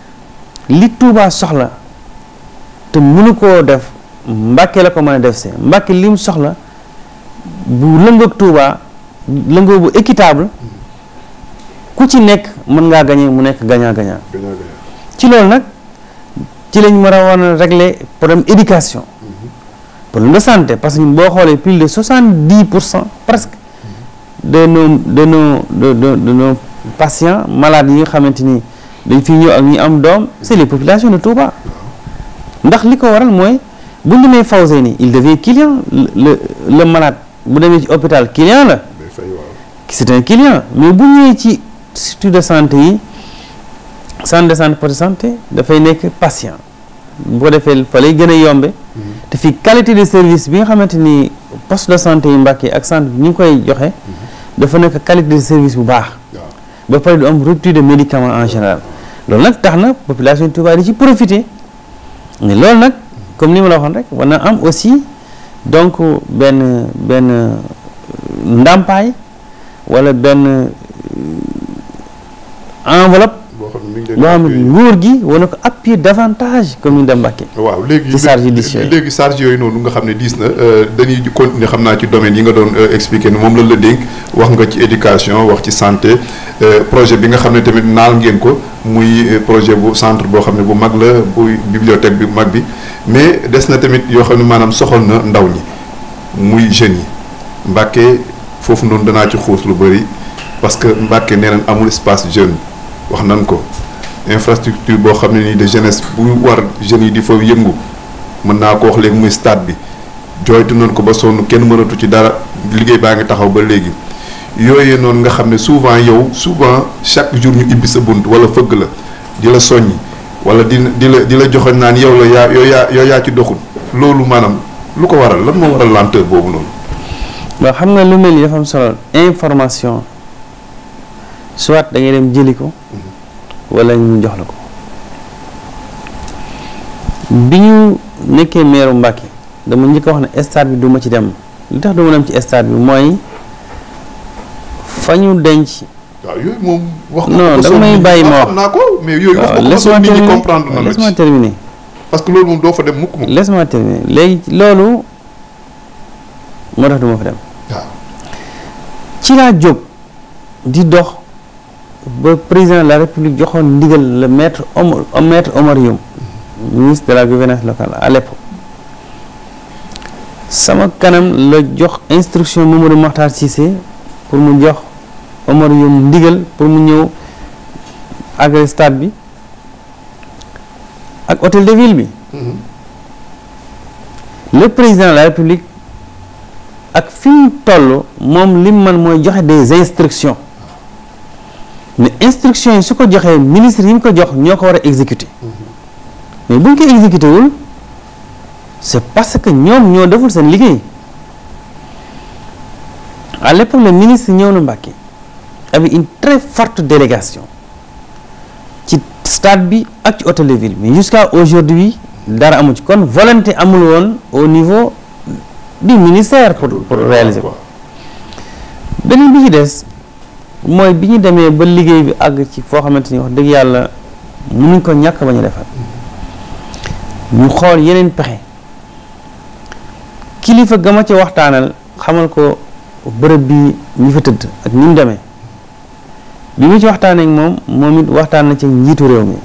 li Touba soxla te mënu koo def Mbacké la ko mën a def see Mbacké li mu soxla bu lëngoog Touba lëngoo bu équitable ku ci nekk mën ngaa gañe mu nekk gagnant gagnant ci loolu nag ci lañ mën a war a régler problème éducation problème de santé parce que ñun boo xoolee plus de soixante dix pour cent presque de nos de nos de de de nos patients malades yi nga xamante ni dañ fi ñëw ak ñu am doom c' est les populations de Touba ndax li ko waral mooy bu ñu demee Fawzeyni il devient client le le malade bu demee ci hôpital client la. c' est un client mais bu ñëwee ci. surtout de santé yi centre de santé poste de dafay nekk patient boo ko defee fa lay gën a yombe mhm. te fi qualité de service bi nga xamante ni poste de santé yu Mbàkke ak centre bi ñu ngi koy joxe mhm. dafa nekk qualité de service bu baax ba pare du am rupture de médicament en général loolu nag tax na population Touba di ci profiter mais nag comme ni ma la waxoon rek war na am aussi donc benn benn euh, ndàmpaay wala benn euh, enveloppe. boo xam ne nguur wala ko appuyer davantage commune de
Mbacké. waaw léegi léegi charge yooyu noonu nga xam ne diis na euh, dañuy continuer xam naa ci domaine yi nga doon euh, expliquer ni moom la la dénk wax nga ci éducation wax ci santé euh, projet bi nga xam ne tamit naal ngeen ko muy projet bu centre boo xam ne bu mag la bu bibliothèque bi mag bi mais des na tamit yoo xam ne maanaam soxal na ndaw ñi muy jeunes yi Mbacké foofu noonu danaa ci xuus lu bëri. parce que Mbacke nee nañ amul espace jeune wax nañ ko infrastructure boo xam ne nii de jeunesse bu war jeunes yi di fa yëngu mën naa ko wax léegi muy stade bi jooytu nañ ko ba sonn kenn mënatu ci dara liggéey baa ngi taxaw ba léegi yooyee noonu nga xam ne souvent yow souvent chaque jour ñu ibbi sa bunt wala fëgg la di la soññi wala di di la di la joxoñ naan yow la yaa yow yaa yow yaa ci doxul loolu maanaam lu ko waral lan moo waral lenteur boobu noonu.
soit da dem jëli ko wala ñu jox la ko bi ñu nekkee meeru Mbàkke dama njëkk wax ne stade bi duma ci dem li tax duma dem ci stade bi mooy fa ñu denc. waaw
yooyu moom wax non ma wax naa ko mais yooyu wax ko nit
ñi que loolu moom doo fa léegi loolu moo tax duma fa dem ci laa jóg di dox ba président de la république joxoon ndigal le maître Omar maître Omar ministre de la gouvernance locale à sama kanam la jox instruction Mamadou Makhtar Cissé pour mu jox Omar Youm ndigal pour mu ñëw agré stade bi ak hôtel de ville bi mm-hmm. le président de la république ak fi mu toll moom li man mooy joxe des instructions mais instruction yi su ko joxee ministre yi mu ko jox ñoo ko war a exécuter mais bu ñu koy exécuté wul c'est parce que ñoom ñoo deful seen liggéey à l'époque le ministre ñëw na Mbacké avec une très forte délégation ci stade bi ak ci hôtel de ville mais jusqu'à aujourd'hui dara amul ci kon volonté amul woon au niveau du ministère pour réaliser ko beneen bi ci des mooy bi ñu demee ba liggéey bi àgg ci foo xamante ni wax dëgg yàlla mënuñ ko ñàkk ba ñu defal ñu xool yeneen pexe kilifa gama ca waxtaanal xamal ko bërëb bi ñu fa tëdd ak ni mu demee bi mu ci waxtaanee moom moom it waxtaan na ci njiitu réew mi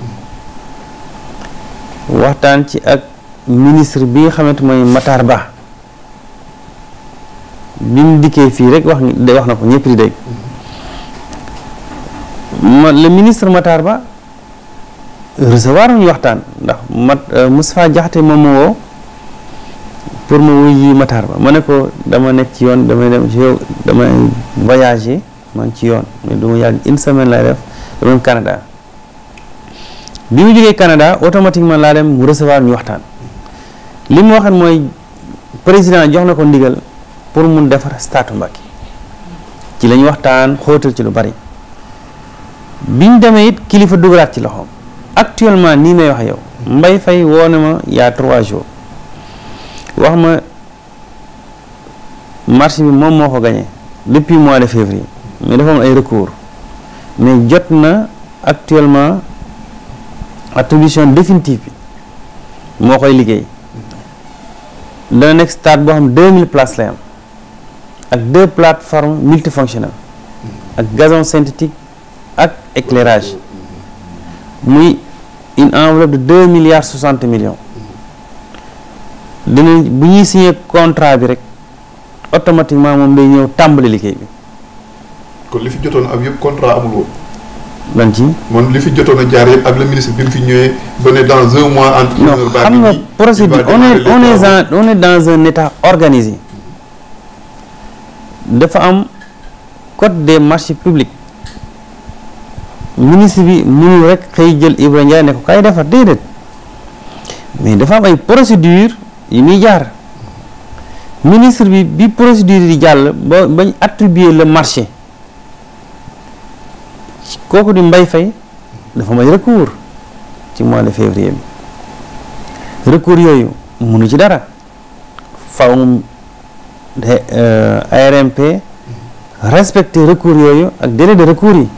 waxtaan ci ak ministre bi nga xamante mooy Matar Ba bi mu dikkee fii rek wax wax na ko ñëpp di dégg ma la ministre Matar Ba recevoir ñu waxtaan ndax mat euh, Moustapha Diakhaté moom ma woo pour mu wuy yi Ba ma ne dama nekk ci yoon damay dem ci yow damay voyager maa ci yoon ma du ma yàgg une semaine lay def dama dem Canada bi mu jógee Canada automatiquement laa dem mu recevoir ñu waxtaan li mu waxoon mooy président jox na ko ndigal pour mun defar statu Mbacké ci la waxtaan xóotal ci lu bari biñ demee it kilifa dugalaat ci loxoom actuellement nii may wax yow mbay fay woo na ma yaa trois jours wax ma marché bi moom moo ko gagné depuis mois de février mais dafa am ay recours mais jot na actuellement attribution définitive bi moo koy liggéey dana nekk stade boo xam deux mille places lay am ak deux plateformes ak gazon synthétique ak éclairage muy une enveloppe de deux milliards soixante millions dinañ bu ñuy signé contrat bi rek automatiquement moom day ñëw tàmbali liggéey bi.
kon li fi jotoon am yëpp contrat amul woon. lan ci. moom li fi jotoon a jaar yëpp ak le ministre bi mu fi ñëwee ba ne dans un mois. entrepreneur baa xam nga on est organisé
dafa am code des marchés publics. ministre bi mënul rek xëy jël Ibra Ndiaye ne ko kaay defar déedéet mais dafa am ay procédure yi muy jaar ministre bi bi procédure di jàll ba bañ attribuer le marché kooku di mbay Faye dafa may recours ci mois de février bi recours yooyu mënu ci dara faw de euh, ARMP respecter recours yooyu ak délai de recours yi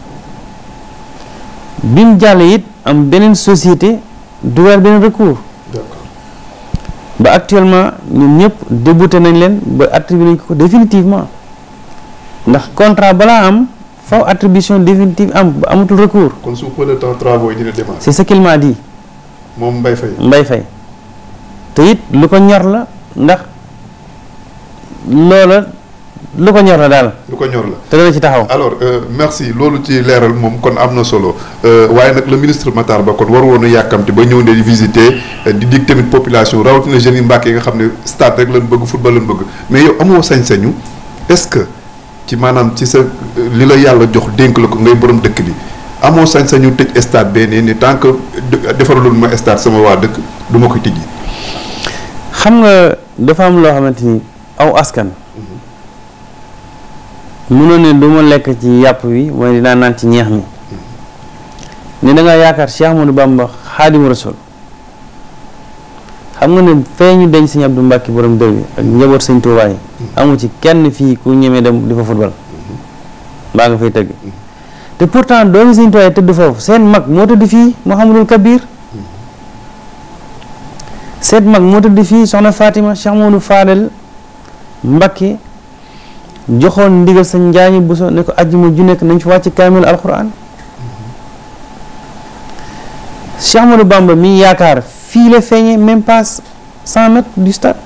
bi mu jàllee it am beneen société dugal beneen recours. ba actuellement ñun ñëpp débouté nañ leen ba attribué nañ ko définitivement ndax contrat balaa am faw attribution définitive am ba amatul recours.
kon sous peu de temps travaux yi dina démarrer.
c'est ce qu'il m'a dit.
moom Mbaye Faye. Mbaye Faye te lu ko ñor la ndax loola. lu ko ñor la daal. lu ko ñor la te dana ci taxaw. alors euh, merci loolu ci leeral moom kon am na solo euh, waaye nag la ministre Matar Ba kon war woon a yàkkamti ba ñëw ne di visiter euh, di dig tamit population rawatina na yi Mbàkke yi nga xam ne stade rek lañ bëgg football lañ bëgg mais yow amoo sañ-sañu est-ce que ci maanaam ci sa euh, li la yàlla jox dénk la ko ngay borom dëkk bi amoo sañ-sañu tëj stade beneen ni tant que defaraloon ma stade sama waa dëkk du ma ko tijji.
xam nga dafa am loo xamante ni aw askan. mënoo ne du ma lekk ci yàpp wi waaye dinaa naan ci ñeex mi ne da nga yaakaar Cheikh Ahmadou Bamba xaadimu rasul xam nga ne fee ñu denc sëñ Abdou Mbacke borom dëw bi ak njaboot sëñ Tuubaa yi ci kenn fii ku ñemee dem di fa football mbaa nga fay tëgg te pourtant doomi sëñ Tuubaa tëdd foofu seen mag moo tëdd fii Mouhamadul Kabir seen mag moo tëdd fii soxna Fatima Cheikh Amadou Fadel Mbacke joxoon ndigal sa njaañi buso ne ko ajjuma ju nekk nañ fi wàcc kaamil alquran Cheikh Ahmadou Bamba mi yaakaar fii la feeñee même pas cent mètres du stade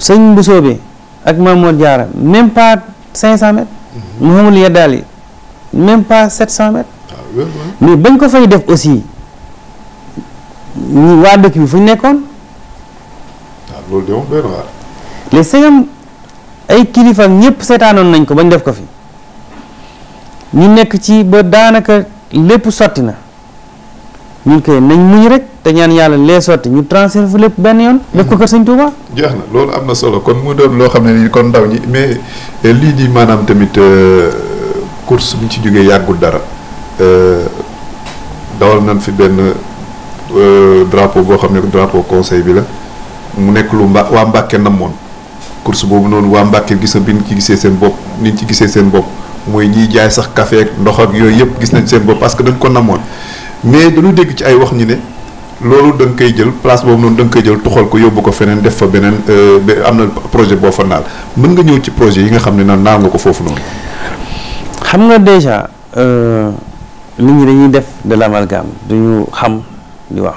sëñ Bousso bi ak Mamour Diarra même pas cinq cent mètres mhm. Mouhamadou Yaddaal yi même pas sept cent mètres ah, mais bañ ko fay def aussi waa dëkk bi fu ñu nekkoon
ah, loolu
ay kilifa ñëpp seetaanoon nañ ko bañ def ko fi ñu nekk ci ba daanaka lépp sotti na ñun koy nañ muñ rek te
ñaan yàlla lee sotti ñu transfert fu lépp benn yoon. def ko kër sëñ Touba. jeex na loolu am na solo kon mu doon loo xam ne nii kon ndaw ñi mais eh, lii di maanaam tamit eh, course bi ñu ci jógee yàggul dara eh, dawal nañ fi benn drapeau boo xam ne drapeau conseil bi la mu nekk lu mba waa Mbàkke namoon course boobu noonu waa Mbàkke gis na bi ñu ci gisee seen bopp ni ñu ci gisee seen bopp mooy ñiy jaay sax café ak ndox ak yooyu yëpp gis nañ seen bopp parce que dañ ko namoon mais dañu dégg ci ay wax ñu ne loolu da nga koy jël place boobu noonu da nga koy jël tuxal ko yóbbu ko feneen def fa beneen euh, am na projet boo fa naal mën nga ñëw ci projet yi nga xam ne naan naal nga ko foofu noonu. xam nga déjà
euh, nit ñi dañuy def de l'amalgame duñu xam di wax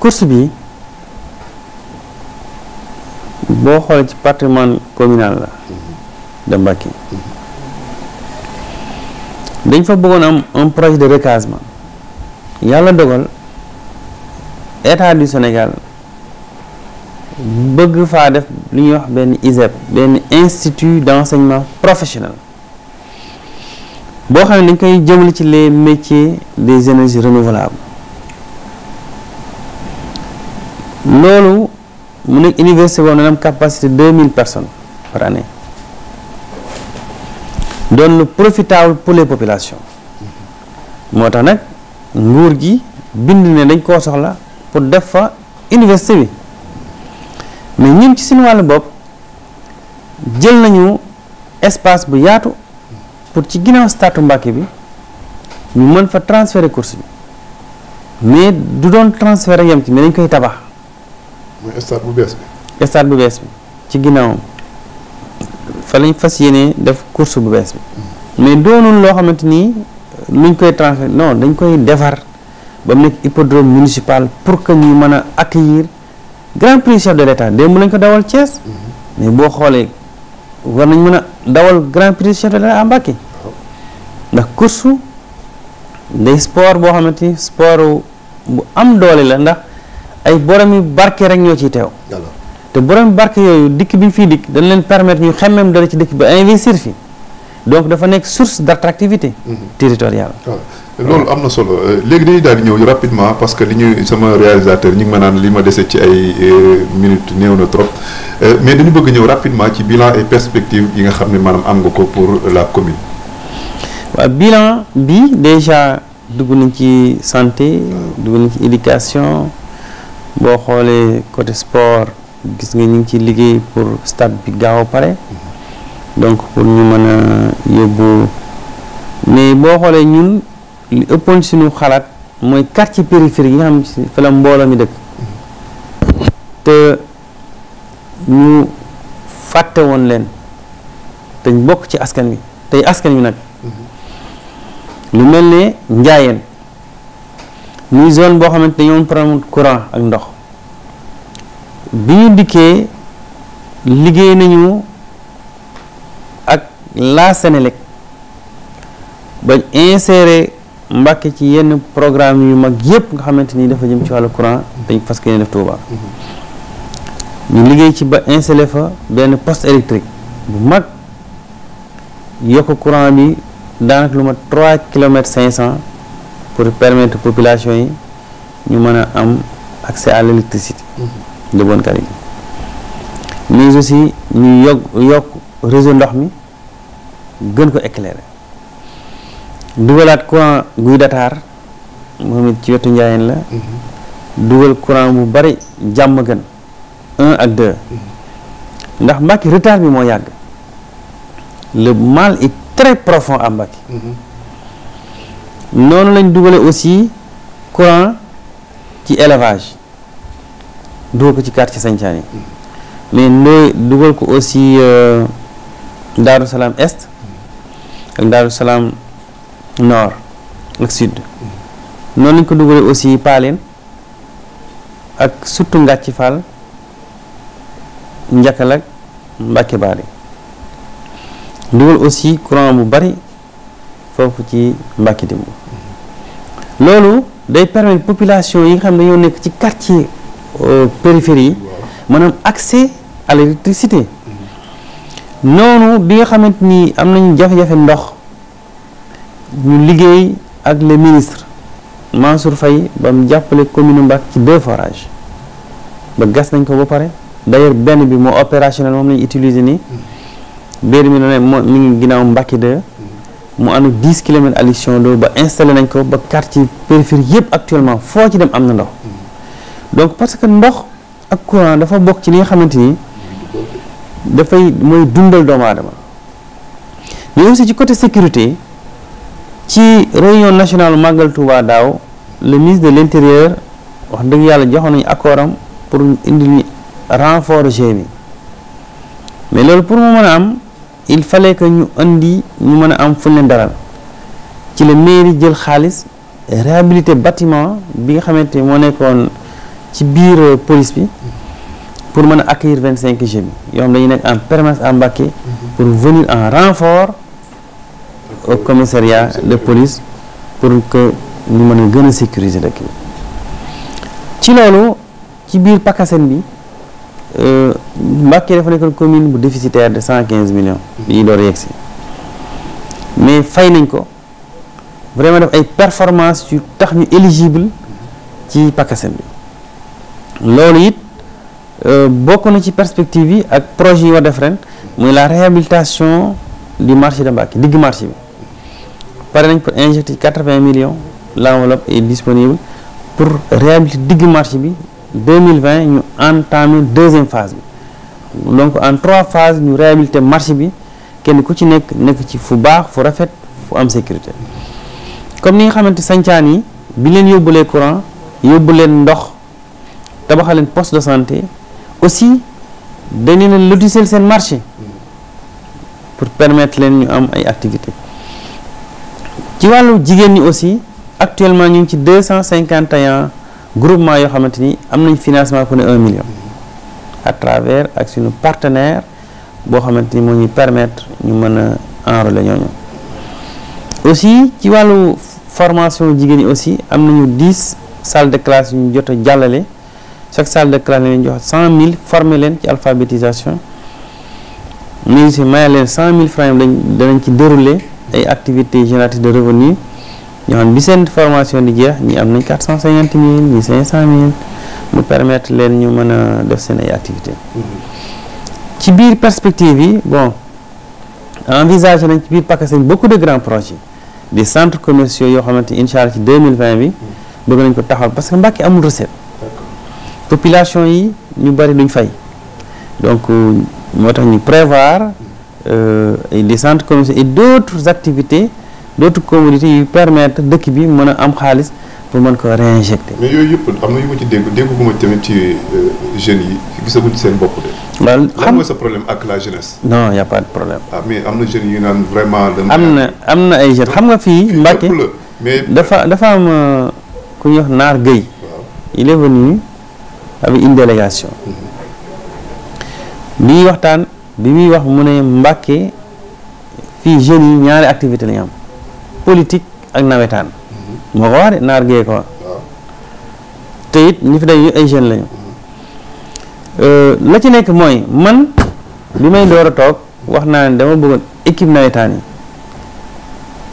course bi. boo xoolee ci patrimoine communal la mm-hmm. de Mbacké mm-hmm. dañ fa bëggoon am un projet de recasement yàlla dogal état du Sénégal bëgg faa def lu ñuy wax benn ISEP benn institut d'enseignement professionnel boo xam ne dañ koy jëmale ci les métiers des énergies renouvelables loolu mu nekk université boobu dana am capacité deux mille personnes par année doon lu profitable pour les populations moo tax nag nguur gi bind ne dañ koo soxla pour def fa université bi mais ñun ci suñu wàllu bopp jël nañu espace bu yaatu pour ci ginnaaw statu Mbàkke bi ñu mën fa transférer course bi mais du doon transférer yem ci mais dañ koy tabax
mooy bu bees
bi. stade bu bees bi ci ginnaawam fa lañ fas yéenee def course bu bees bi mm. mais doonul loo xamante ni luñ koy transférer non dañ koy defar ba mu nekk hippodrome municipal pour que ñu mën a ak grand prix chef de l'état ko dawal Thiès. Mm-hmm. mais boo xoolee war nañ mën a dawal grand prix chef de l'état à oh. ndax course day sport boo xamante ni sport bu am doole la ndax. ay borom yu barke rek ñoo ciy teew. te borom barke yooyu dikk bi ñu fiy dikk dañ leen permettre ñu xemmeem dara ci dikk ba investir fi donc dafa nekk source d' attractivité. Mhm.
territoriale. loolu am na solo euh, léegi dañuy daal di ñëw rapidement parce que li ñuy sama réalisateur ñi ngi ma naan li ma dese ci ay euh, minutes néew na trop euh, mais dañu bëgg ñëw rapidement ci bilan et perspective yi nga xam ne maanaam am nga ko pour la commune.
waaw bilan bi déjà dugg nañ ci santé. dugg nañ ci éducation. boo xoolee côté sport gis nga ñu ngi ciy liggéey pour stade bi gaaw a pare donc pour ñu mën a yóbbu mais boo xoolee ñun li ëppoon suñu xalaat mooy quartier périphérique yi nga xam ne fa la mi dëkk te ñu fàtte woon leen te bokk ci askan wi tey askan wi nag mhm. lu mel ne njaayeen muy zone boo xamante dañoo am problème courant ak ndox bi ñu dikkee liggéey nañu ak la Sénélec ba insérer Mbàkke ci yenn programme yu mag yépp nga xamante ni dafa jëm ci wàllu courant dañ fas yéene def Touba ñu liggéey ci ba installé fa benn poste électrique bu mag yokk courant bi daanaka lu ma trois kilomètres cinq cent pour permettre population yi ñu mën a am accès à l'électricité de bonne qualité mais aussi ñu yokk yokk réseau ndox mi gën ko éclairer dugalaat courant guy dataar moom it ci wetu njaayeen la dugal courant bu bari jàmm gën un ak deux ndax Mbàkke retard bi moo yàgg le mal est très profond à Mbàkke noonu lañ dugale aussi courant ci élevage dugal ko ci quartier Sancaan yi mais ndooy dugal ko aussi euh, Daaru Salaam Est ak Daaru Salaam Nord ak Sud noonu lañ ko dugale aussi Paaleen ak surtout Ngàcci Fall Njakkal ak Mbàkke Baari dugal aussi courant bu bari foofu ci Mbàkke Dimbu loolu day permettre population yi nga xam ne dañoo nekk ci quartier euh, périphérie yi maanaam accès à l'électricité noonu bi nga xamante ni am nañu jafe-jafe ndox ñu liggéey ak le ministre Mansour fay ba mu jàppale commune Mbacké ci deux forages ba gas nañ ko ba pare d'ailleurs benn bi moo opérationnel moom lañu utiliser nii benn mi ne mi ngi ginnaaw Mbacké 2 mu ànd 10 kilomètres adduction loolu ba installé nañ ko ba quartier périphérie yëpp actuellement foo ci dem am na ndox donc parce que ndox ak courant dafa bokk ci li nga xamante ni dafay mooy dundal doomu aadama mais aussi ci côté sécurité ci réunion national màggal baa daaw le ministre de l' wax dëgg yàlla joxoon nañu accord pour indi ñu renfort bi mais loolu pour mu mën am. il fallait que ñu indi ñu mën a am fuñ leen daral ci la mairie jël xaalis réhabilité batiment bi nga xamante moo nekkoon ci biir euh, police bi pour mën a accueillir vingt cinq jeunes yoo xam dañu nekk en permanence à Mbacké pour venir en renfort au commissariat de police pour que ñu mën a gën a sécuriser dëkk bi ci loolu ci biir Pakasen bi Euh, Mbacké dafa nekkoon commune bu déficitaire de cent quinze millions bi ñuy door yegg si mais fay nañ ko vraiment def ay performance yu tax ñu éligible ci PACASEN bi loolu it euh, bokk na ci perspective yi ak projet yi war def ren mooy la réhabilitation du marché de Mbacké digg marché bi pare nañ ko injecter quatre vingt millions l'enveloppe est disponible pour réhabiliter digg marché bi 2020 ñu entamé deuxième phase bi donc en trois phases ñu réhabilité marché bi kenn ku ci nekk nekk ci fu baax fu rafet fu am sécurité comme ni nga xamante sancaan yi bi leen yóbbulee courant yóbbu leen ndox tabaxal leen poste de santé aussi dañ leen lotiseel seen marché pour permettre leen ñu am ay activité ci wàllu jigéen ñi aussi actuellement ñu ngi ci deux cent cinquante et groupement yoo xamante ni am nañ financement ku ne un million à travers ak suñu partenaire boo xamante ni moo ñuy permettre ñu mën a enrôler ñooñu aussi ci wàllu formation jigéen ñi aussi am nañu dix salles de classe yu ñu jot a jàllale chaque salle de classe leen jox cent mille former leen ci alphabétisation mais aussi maye leen cent mille francs danañ ci dérouler ay activité génératrices de revenus ñoon bi seen formation di jeex ñi am nañ quatre cent cinquante mille ñi cent mu permettre leen ñu mën a def seen ay activité ci biir perspective yi bon envisagé nañ ci biir pakk seen beaucoup de grands projets des centres commerciaux yoo xamante ni incha allah ci 2020 bi bëgg nañ ko taxawal parce que Mbàkke amul recette population yi ñu bari duñ fay donc euh, moo tax ñu prévoir euh, des centres commerciaux et d' autres activités d'autres commodités yu permettre dëkk bi mën a am xaalis pour mën ko réinjecter.
mais yooyu yëpp am na yu ma ci dégg dégguma tamit ci euh, jeunes yi gisaguñ ci seen bopp de. xam nga sa problème ak la jeunesse.
non y a pas de problème.
ah am na jeunes yu naan vraiment. am na am na
ay jeunes xam nga fii. Mbacke dafa dafa am euh, ku ñuy wax Naar Gueye. il est venu waxtaan bi muy wax mu ne Mbacke fii jeunes yi ñaari activité la am. politique ak nawetaan mhm. moo ko wax de naar gee ko wax te it ñu fi day ay jeunes lañu mhm. euh, la ci nekk mooy man bi may door a toog wax naa ne dama bëggoon équipe nawetaan yi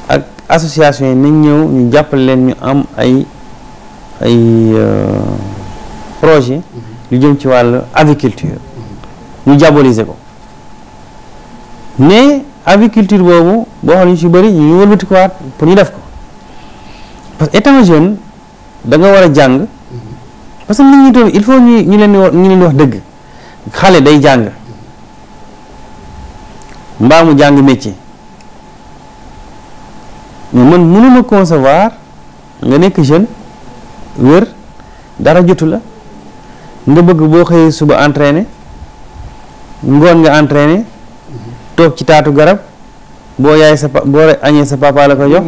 ak association yi nañ ñëw ñu jàppale leen ñu am ay ay euh, projet lu mhm. jëm ci wàll aviculture ñu diaboliser ko mais aviculture boobu boo xam ne si bëri ñu ngi wëlbati ko waat pour ñu def ko parce que étant jeune da nga war a jàng parce que nit ñi doon il faut ñu ñu leen di wax ñu leen di wax dëgg xale day jàng mbaa jàng métier mais man mënuma concevoir nga nekk jeune wér dara jotu la nga bëgg boo xëyee suba entraîner ngoon nga entraîner toog ci taatu garab boo yaay sa pa boo añee sa papa
la ko jox.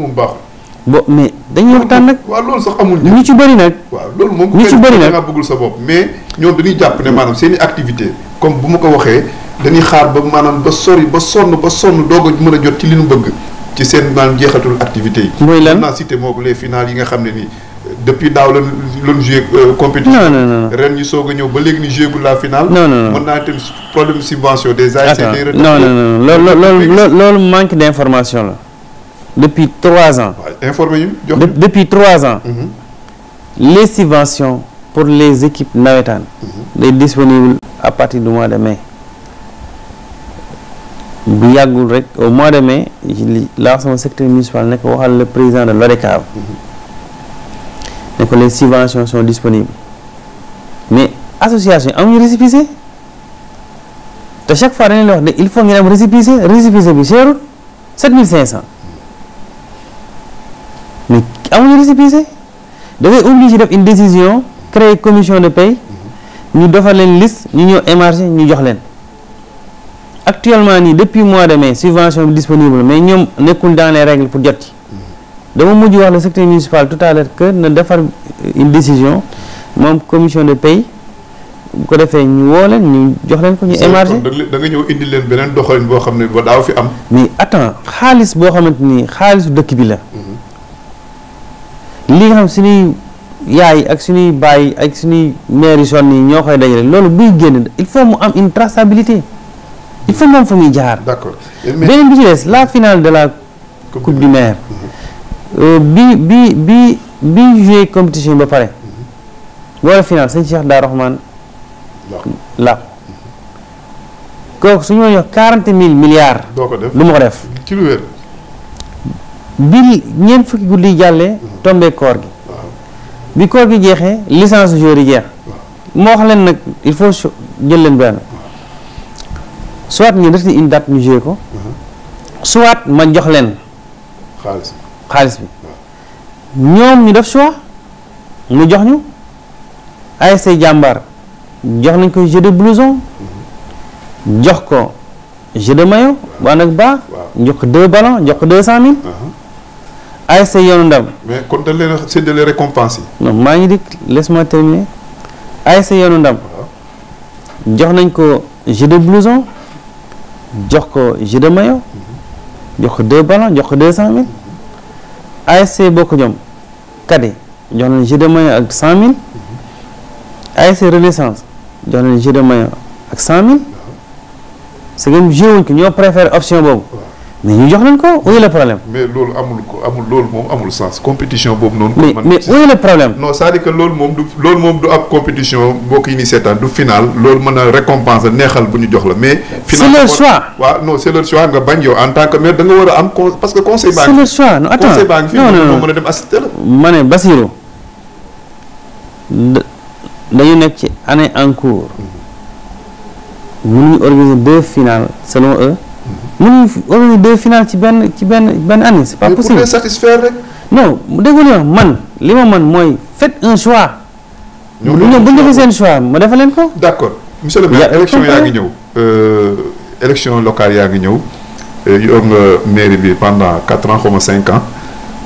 bo mais dañuy waxtaan nag. waaw loolu sax amul ñu ci bëri nag. waaw loolu moom ñu ci bëri nag da bëggul sa bopp mais ñoom dañuy jàpp ne maanaam seen i activité comme bu ma ko waxee dañuy xaar ba maanaam ba sori ba sonn sonn doog mën a jot ci li ñu bëgg ci seen maanaam jeexatul activité yi. mooy lan naa cité moom les finales yi nga xam ne nii. depuis daaw la lan joué euh, compétition ren ñu soog a ñëw ba léegi ni joué la finale non non mën naa itam problème subvention des ASC non non
loolu loolu loolu manque d'information la depuis trois ans informé ñu jox depuis trois ans mhm. les subventions pour les équipes nawetaan day mhm. disponible à partir du mois de mai bu yàggul rek au mois de mai laa sama secteur municipal nekk waxal le président de l'ODECAV mhm. ne ko les subventions sont disponibles mais association am amuñu récépissé te chaque fois dañuy wax ne il faut ngeen am récépissé récépissé bi cherul 7500 mais amuñu récépissé da ngay obligé def une décision créer commission de paie ñu defal leen liste ñu ñëw émarger ñu jox leen actuellement nii depuis mois de mai subvention bi disponible mais ñoom nekkul dans les pour jot ci dama mujj wax le secrétaire municipal tout à que na defar une décision moom commission de paie bu ko defee ñu woo leen ñu jox leen ko ñu émargé
da nga ñëw indi leen beneen doxalin boo xam ne ba daaw fi am
mais attends xaalis boo xamante nii xaalisu dëkk bi la mhm. li nga xam suñuy yaay ak suñuy baay ak suñuy maire yi sonn yi ñoo koy dajale loolu buy génn il faut mu am une traçabilité il faut moom fa muy jaar beneen bi la finale de la coupe du maire Euh, bi bi bi bi joué compétition ba pare war a final sëñ Cheikh Darou Rahman làqu kooku su jox quarante mille milliards lu ma ko def ci lu bi ñeent fukki guddi jàllee tombé koor gi bi koor gi jeexee licence joueur yi jeex moo wax leen nag il faut jël leen benn soit ngeen reti une date ñu ko soit ma jox leen xaalis bi ñoom ñu def choix mu jox ñu ASC jàmbaar jox nañ ko jeu de blouson jox ko jeu de maillot ba nag baax jox ko deux ballons jox ko uh-huh.
yoonu ndam mais kon
maa ngi dik laisse-moi terminer uh-huh. jox nañ ko jeu de blouson jox ko jeu de maillot uh-huh. jox ko deux ballons jox ko deux cent mille ASC bokk jom kadi jox nañ jeu ak cent mille ASC renaissance jox nañ jeu de maillot ak cent mille c'est que jeu wuñ ko option boobu mais ñu jox leen ko où est problème.
mais loolu amul ko loolu moom amul sens compétition boobu noonu. mais mais où est le problème. non c'est-à-dire que loolu moom du loolu moom du ab compétition mbokk yi ni seetaan du final loolu mën a récompense neexal bu ñu jox la mais. final c'est leur waaw non c'est leur nga bañ yow en tant que mais da nga war a am parce que conseil. baa ngi c'est leur choix non attends fi moom mën a dem assister
la. dañu nekk ci année en cours mm-hmm. mënuñu organiser deux finales selon eux. mënuñu organiser deux finales ci benn ci benn benn année c'est pas possible pour satisfaire rek. non dégg nga li man li ma man mooy faites un choix. ñoom ñoom bu ñu defee seen choix ma defal leen ko. d'accord monsieur le maire élection yaa ngi ñëw.
Euh, élection locale yaa ngi ñëw euh, yor nga mairie bi pendant quatre ans xaw ma cinq ans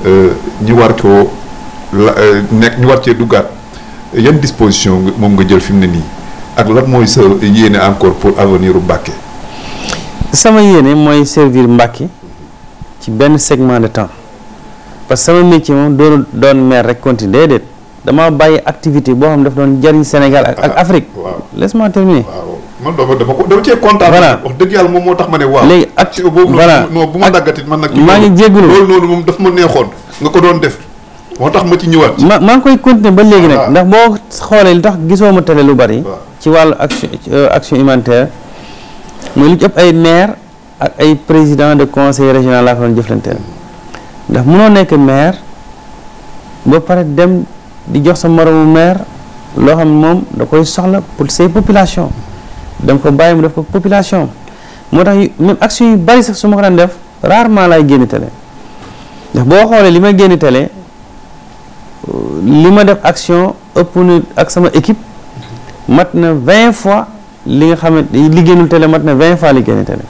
euh, ñu war koo la nekk ñu war cee duggaat yan disposition moom nga jël fi mu ne nii ak lan mooy sa yéene encore pour avenir u Mbacké.
sama yéene mooy servir Mbàkke ci benn segment de temps parce que sama métier moom doon doon maire rek continuer déedéet dama bàyyi activité boo xam daf doon jariñ Sénégal ak ak ah, Afrique. waaw laisse-moi terminer.
ko dama cee kontaan. voilà dëgg yàlla tax ma ne. waaw léegi ak ci boobu ma dàggatit man nag. maa ngi jégalu loolu noonu moom daf ma neexoon nga ko doon def. moo tax ma ci ñëwaat. ma maa ngi koy
continuer ba léegi nag. ndax boo xoolee li tax gisoo ma télé lu bari. ci wàllu action action mooy li ci ay maire ak ay président de conseil régional laa fa doon jëflanteel ndax mënoo nekk maire ba pare dem di jox sa moromu maire loo xam ne moom da koy soxla pour say population dam ko bàyyi mu def ko population moo tax même action yu bari sax su ma ko def rarement laay génn télé ndax boo xoolee li ma génn télé euh, li ma def action ëpp na ak sama équipe mat na vingt fois li nga xamante li génnul télé na vingt fois li génn télé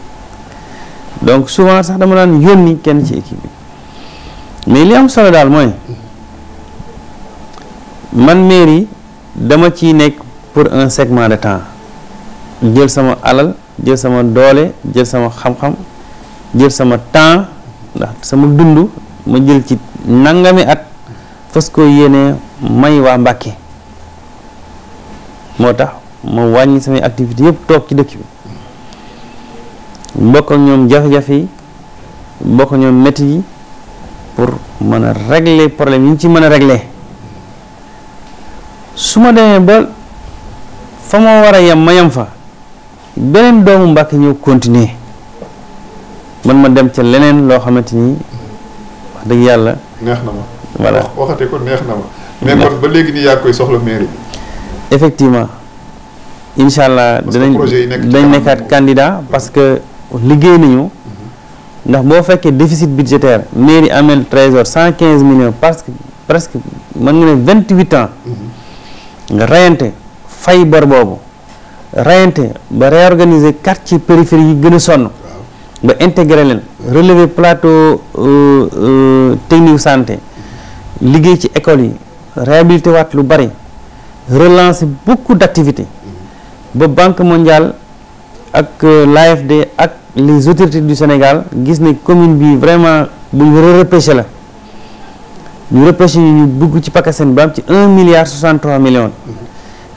donc souvent sax dama daan yónni kenn ci équipe bi mais li am solo daal mooy man mairie dama ci nekk pour un segment de temps jël sama alal jël sama doole jël sama xam-xam jël sama temps ndax sama dund ma jël ci nangami at fas ko yéene may waa Mbàkke moo tax ma wàññi samay activité yëpp toog ci dëkk bi mbokk ñoom jafe-jafe yi mbokk ak ñoom métti yi pour mën a régler problème yi ñu ci mën a régler su ma demee ba fa ma war a yem ma yem fa beneen doomu Mbàkke ñëw continuer man ma dem ca leneen loo xamante ni wax dëgg yàlla. neex na ma voilà
waxate ko neex na ma. mais kon ba léegi nii yaa koy soxla mairie
effectivement. incha allah dinañ dañ nekkaat candidat parce que liggéey nañu mhm. ndax boo fekkee déficit budgétaire mairie amel trésor cent quinze millions parce que presque mën nga ne vingt huit ans
mhm.
nga rayante fay boobu rayante ba réorganiser ci périphérie yi gën a sonn ba intégré leen relever plateau euh, euh, technique santé liggéey ci école yi réhabilité waat lu bari relancer beaucoup d'activités ba banque mondiale ak euh, l'AFD ak les autorités du Sénégal gis ne commune bi vraiment bu ñu repêché la ñu repêché ñu bugg ci Pakaseen ba am ci un milliard soixante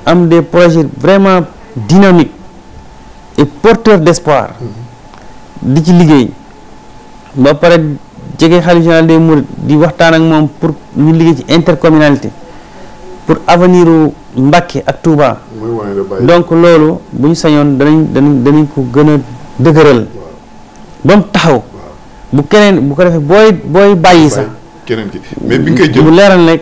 am des projets vraiment dynamiques et porteurs d'espoir di ci liggéey ba pare jege xalifa général des mourides di waxtaan ak moom pour ñu liggéey ci intercommunalité pour avenir Mbacke ak Touba. donc loolu bu ñu sañoon danañ danañ danañ ko gën a dëgëral. ba mu taxaw. bu keneen bu ko defee booy booy bàyyi sax.
keneen ki mais bi nga koy jël bu
leeral rek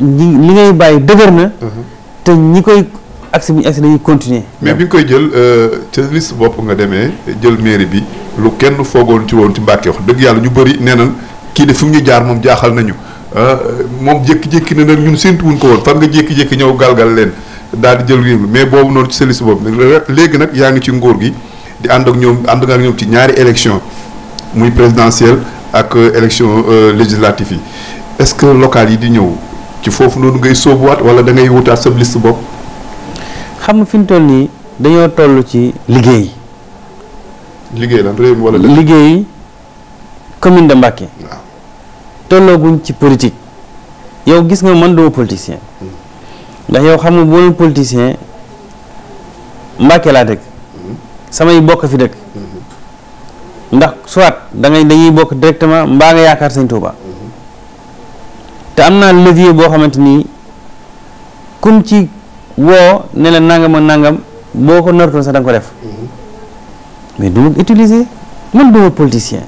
ñi li ngay bàyyi dëgër na. Uh-huh. te ñi koy accès bu ñu accès dañuy continuer. mais bi
nga koy jël euh, ca liste bopp nga demee jël mairie bi lu kenn foogoon ci woon ci Mbacke wax dëgg yàlla ñu bëri nee na kii de fi ñu jaar moom jaaxal nañu. ah moom jékki-jékki ne nag ñun séntuwuñ ko woon fan nga jékki-jékki ñëw galgal leen daal di jël réew mais boobu noonu ci sa liste boobu léegi nag yaa ngi ci nguur gi di ànd ak ñoom ànd nga ak ñoom ci ñaari élection muy présidentielle ak euh, élection euh, législative yi est-ce que local yi di ñëw ci foofu noonu ngay sóobuwaat wala da ngay wutaat sa liste bopp. xam nga fi mu toll nii dañoo toll ci liggéey.
liggéey lan réew mi wala. liggéey commune de Mbacké. tollooguñ ci politique yow gis nga man duma politicien ndax yow xam nga bu doon politicien Mbàkke laa dëkk samay bokk fi dëkk ndax soit da ngay dañuy bokk directement mbaa nga yaakaar Sëñ Tuuba te am naa levier boo xamante nii kum ci woo ne la nangam a nangam boo ko nartoon sax da ko def mais du ma utiliser man duma politicien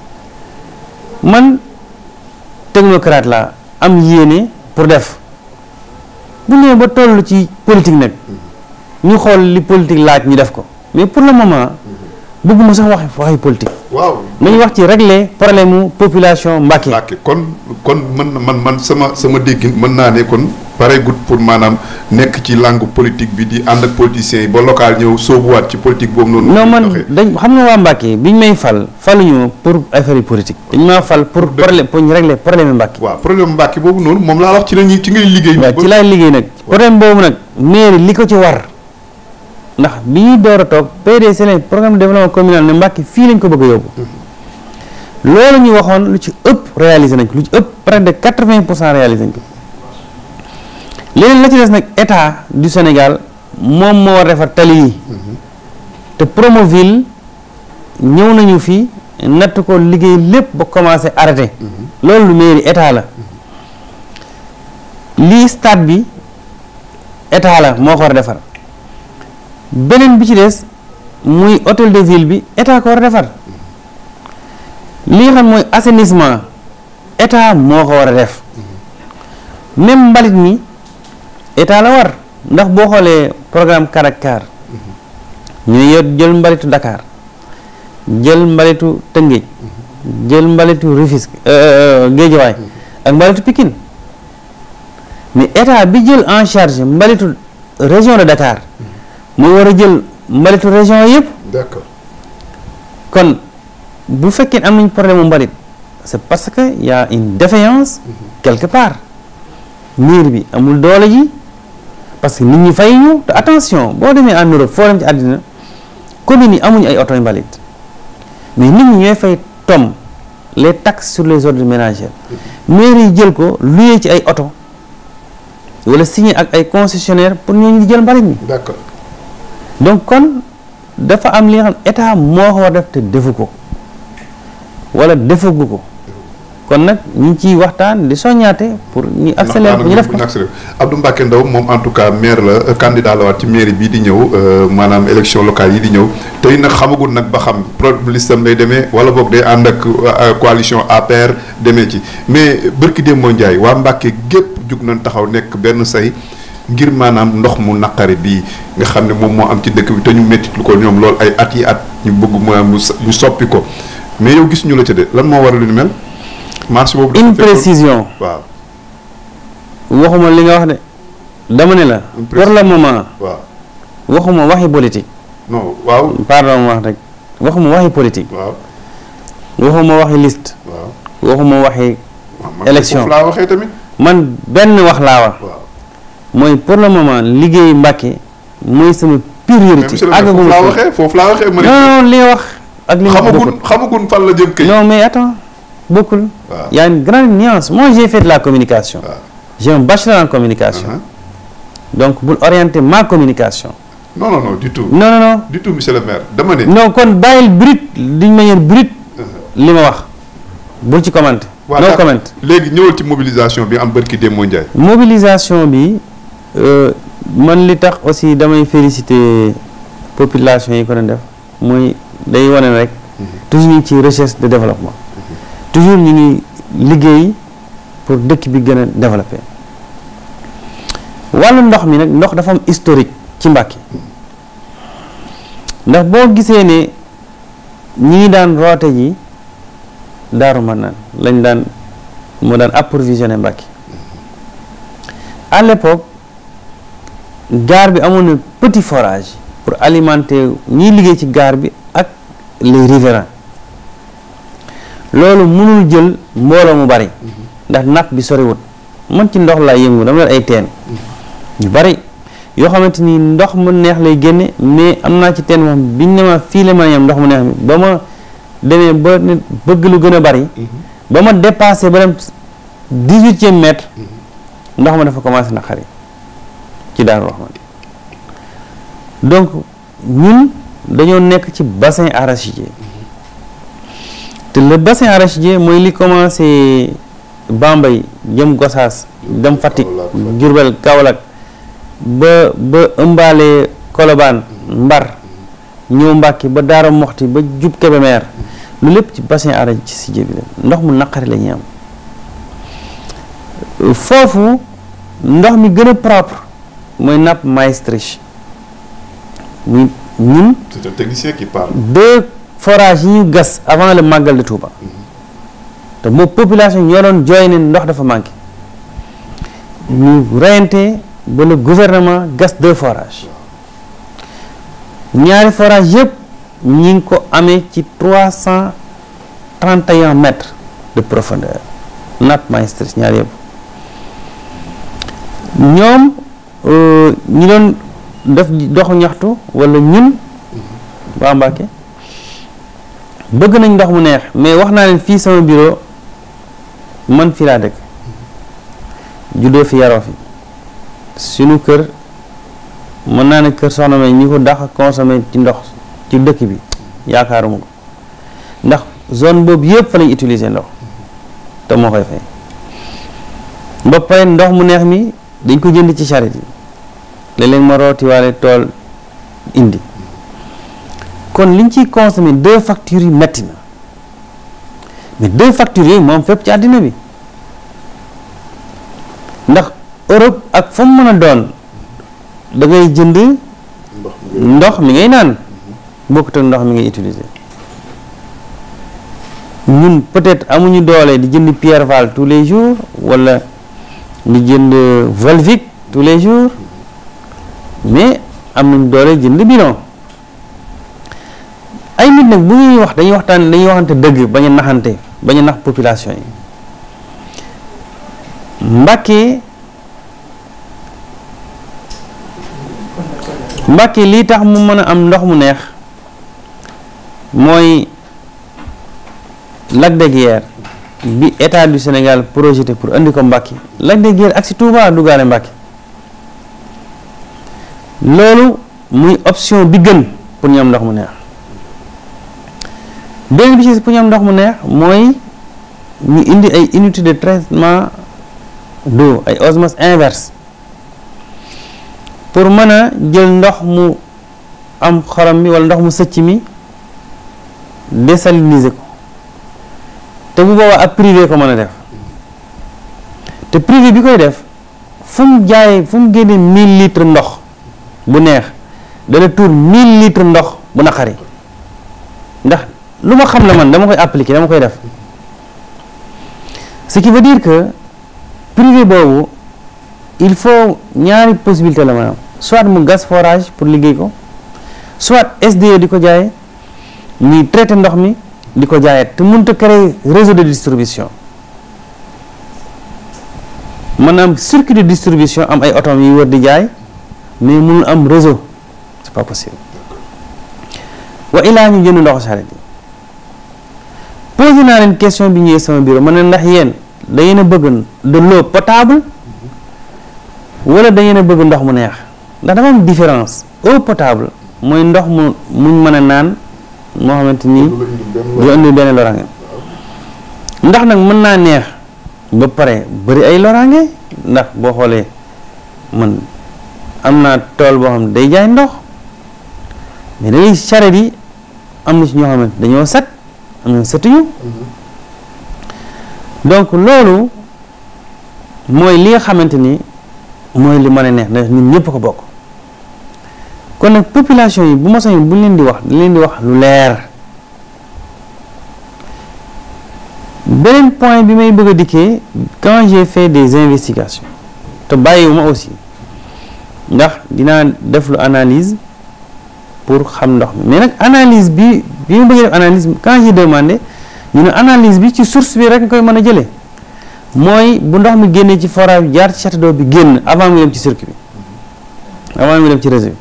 man technocrate la am yéene pour def bu nee ba toll ci politique nag ñu xool li politique laaj ñu def ko mais pour le moment bëgguma sax wax waxi politique.
waaw nañu wax ci régler problème mu population Mbacké. Mbacké kon kon man man man sama sama dégg mën naa ne kon. pare gut pour maanaam nekk ci langue politique bi di ànd ak politiciens yi ba local ñëw soobuwaat ci politique boobu noonu. non man dañ xam nga waa Mbacke biñ may fal faluñu pour affaire yi politique. dañ maa fal pour problème pour ñu
régler problème Mbacke. waaw problème Mbacke boobu noonu moom laa wax ci la ñuy ci ngay liggéey. waaw ci laay liggéey nag. problème boobu nag mairie li ko ci war. ndax bi ñuy door a toog PDC lañ programme de développement communal ne Mbacke fii lañ ko bëgg a mm-hmm. ñu waxoon lu ci ëpp réalisé nañ lu ci ëpp près de quatre-vingt pour leneen la ci des nag état du Sénégal moom moo war defar tali yi te Promoville ñëw nañu fi natt ko liggéey lépp ba commencé arrêté loolu lu mairie état la lii stade bi état la moo ko war a defar beneen bi ci des muy hôtel de ville bi état ko war a defar li nga xam mooy assainissement état moo ko war a def même mbalit mi état la war ndax boo xoolee programme Car ak Car ñu yor jël mbalitu Dakar jël mbalitu Tëngéej jël mbalitu Rufisque euh, euh, Géejawaay ak mbalitu Pikine mais état bi jël en charge mbalitu région de Dakar moo war a jël mbalitu région yëpp. kon bu fekkee am nuñ problème mu mbalit c'est parce que y a une défaillance mm-hmm. quelque part miir bi amul doole ji. parce que nit ñi fay ñu te attention boo demee en Europe foo dem ci àddina communes yi amuñu ay oto invalide mais nit ñi ñooy fay tom les taxes sur les ordures ménagères mairie yi jël ko luyee ci ay oto wala signé ak ay concessionnaire pour ñooñu di jël mbalit mi donc kon dafa am li xam état moo ko def te defu ko wala defagu ko kon nag ñu
ngi ciy waxtaan di soññaate pour ñu accélérer ko ñu def ko Abdou Mbacké Ndao moom en tout cas maire la candidat la waat ci mairie bii di ñëw euh, maanaam élection locale yi di ñëw tey nag xamagul nag ba xam listam lay demee wala boog day ànd ak euh, coalition APR demee ci mais bërki démboo Ndiaye waa Mbacké gépp jug nañ taxaw nekk benn say ngir maanaam ndox mu naqari bi nga xam ne moom moo am ci dëkk bi te ñu métti lu ko ñoom lool ay at yi at ñu bëgg mu soppi ko mais yow gis la ca lan moo waral lu ni mel marche boobu une précision waxuma li nga wax de dama ne la.
pour le moment. waaw waxuma waxi politique. waaw. pardon wax rek waxuma waxi politique. waaw. waxuma waxi liste. waaw waxuma waxi. élection man benn wax laa wax. mooy pour le moment liggéey Mbàkke mooy sama priorité. àggagum foofu foofu laa waxee. non non li wax. ak li nga xamagun
xamagun la jëm kay. bokkul il y a une
grande nuance moi j'ai fait de la communication j'ai un bachelor en communication uh-huh. donc bul orienter ma communication
non non non du tout non non non du tout monsieur le maire dama ne non kon bàyyil brut d'une manière brute uh-huh. li ma wax bul ci commenter no comment léegi ñëwal ci mobilisation bi am bërki Demba Ndiaye
mobilisation bi euh, man li tax aussi damay féliciter population yi ko doon def muy day wane rek uh-huh. toujours ñu ci recherche de développement toujours ñu ngi liggéey pour dëkk bi gën a développé wàllu ndox mi nag ndox dafa am historique ci Mbàkke ndax boo gisee ne ñii daan roote ji daaru mën naan lañ daan moo daan approvisionné Mbàkke à l'époque gaar bi amoon na petit forage pour alimenter ñiy liggéey ci gaar bi ak les riverains loolu mënul jël mbooloo mu bari ndax napp bi soriwut man ci ndox laa yëngu dama leen ay teen yu bari yoo xamante ni ndox mu neex lay génne mais am naa ci teen moom biñ ne ma fii ndox mu neex ba ma demee ba bëgg lu gën a bari ba ma dépassé ba dem dix-huitième mètre ndox ma dafa commencé na xare ci Daaru Rahman donc ñun dañoo nekk ci bassin arachidier te le bassin arachidier mooy li commencé Bambey jëm Gosaas dem Fatick Diourbel Kaolack ba ba ëmbaale Colobane Mbar ñëw Mbàkke ba Daara Moxti ba jub Kébémer lu lépp ci bassin arachidier bi la ndox mu naqari la ñuy am foofu ndox mi gën a propre mooy nappe Maastricht muy ñun. forage yi ñu gas avant le màggal de Touba te moo population ñoo doon jooy ne ndox dafa manqué ñu reyante ba le gouvernement gas de forages ñaari forage yëpp ñi ngi ko amee ci trois cent trente et de profondeur nappe maîtresse ñaari yëpp ñoom euh, ñi doon def doxu ñaxtu walla ñun waa Mbacké bëgg nañ ndox mu neex mais wax naa ne fii sama bureau man fi laa dëkk juddoo fi yaroo fi suñu kër mën naa ne kër soxna may ñi ko dax consommé ci ndox ci dëkk bi yaakaaruma ko ndax zone boobu yëpp fa lañ ndox te moo koy fay ba ndox mu neex mi dañ ko jënd ci charrette yi léeg-léeg ma rootiwaale tool indi kon liñ ciy consommé deux factures yi metti na mais deux factures yooyu moom fépp ci àddina bi ndax Europe ak fu mu mën a doon da ngay jënd ndox mi ngay naan bokkut ak ndox mi ngay utiliser mun peut-être amuñu doole di jënd Pierval tous les jours wala di jënd Volvic tous les jours mais am nañ doole jënd bidon ay nit nag bu ñuy wax dañuy waxtaan dañuy waxante dëgg bañ a naxante bañ nax population yi Mbàkke Mbàkke lii tax mu mën a am ndox mu neex mooy Lac de Guiers bi état du Sénégal projette pour indi ko Mbàkke Lac de Guiers ak si Touba dugaale Mbàkke loolu muy option bi gën pour ñu am ndox mu neex beneen bi ci pour ñu ndox mu neex mooy ñu indi ay unité de traitement d'eau ay osmose inverse pour mën a jël ndox mu am xorom mi wala ndox mu sëcc mi désaliniser ko te bu boobaa ak privé ko mën a def te privé bi koy def fu mu jaayee fu mu génnee 1000 litres ndox bu neex dana tuur 1000 litres ndox bu naqari ndax lu ma xam la man dama koy appliquer dama koy def ce qui veut dire que privé boobu il faut ñaari possibilité la maanaam soit mu gas forage pour liggéey ko soit SDE di ko jaay ñuy traité ndox mi di ko jaayat te mun a créer réseau de distribution maanaam circuit de distribution am ay otom yu wër di jaay mais mënul am réseau c'est pas possible wa ilaa ñu jënd ndoxu saret yi posé naa leen question bi ñëwee sama bureau ma ne ndax yéen da ngeen a bëgg de l'eau potable wala da ngeen a bëgg ndox mu neex ndax dafa am différence eau potable mooy ndox mu mu mën a naan moo xamante ni du indi benn loraange ndox nag mën naa neex ba pare bari ay loraange ndax boo xoolee mën am naa tool boo xam day jaay ndox mais da ngay charrette yi am na ci ñoo xamante dañoo set am nañ sët yu donc loolu mooy li nga xamante ni mooy li mën a neex ndax ñun ñëpp ko bokk kon nag population yi bu ma sañoon bu leen di wax leen di wax lu leer beneen point bi may bëgg a dikkee cangé j'ai fait des investigations te ma aussi ndax dinaa def lu analyse pour xam ndox mi mais nag analyse bi bi mu bëggee def analyse ne analyse bi ci source bi rek mën a jëlee mooy bu ndox mi génnee ci forage bi jaar ci château bi génn avant mu dem ci circuit bi avant mu dem ci réseau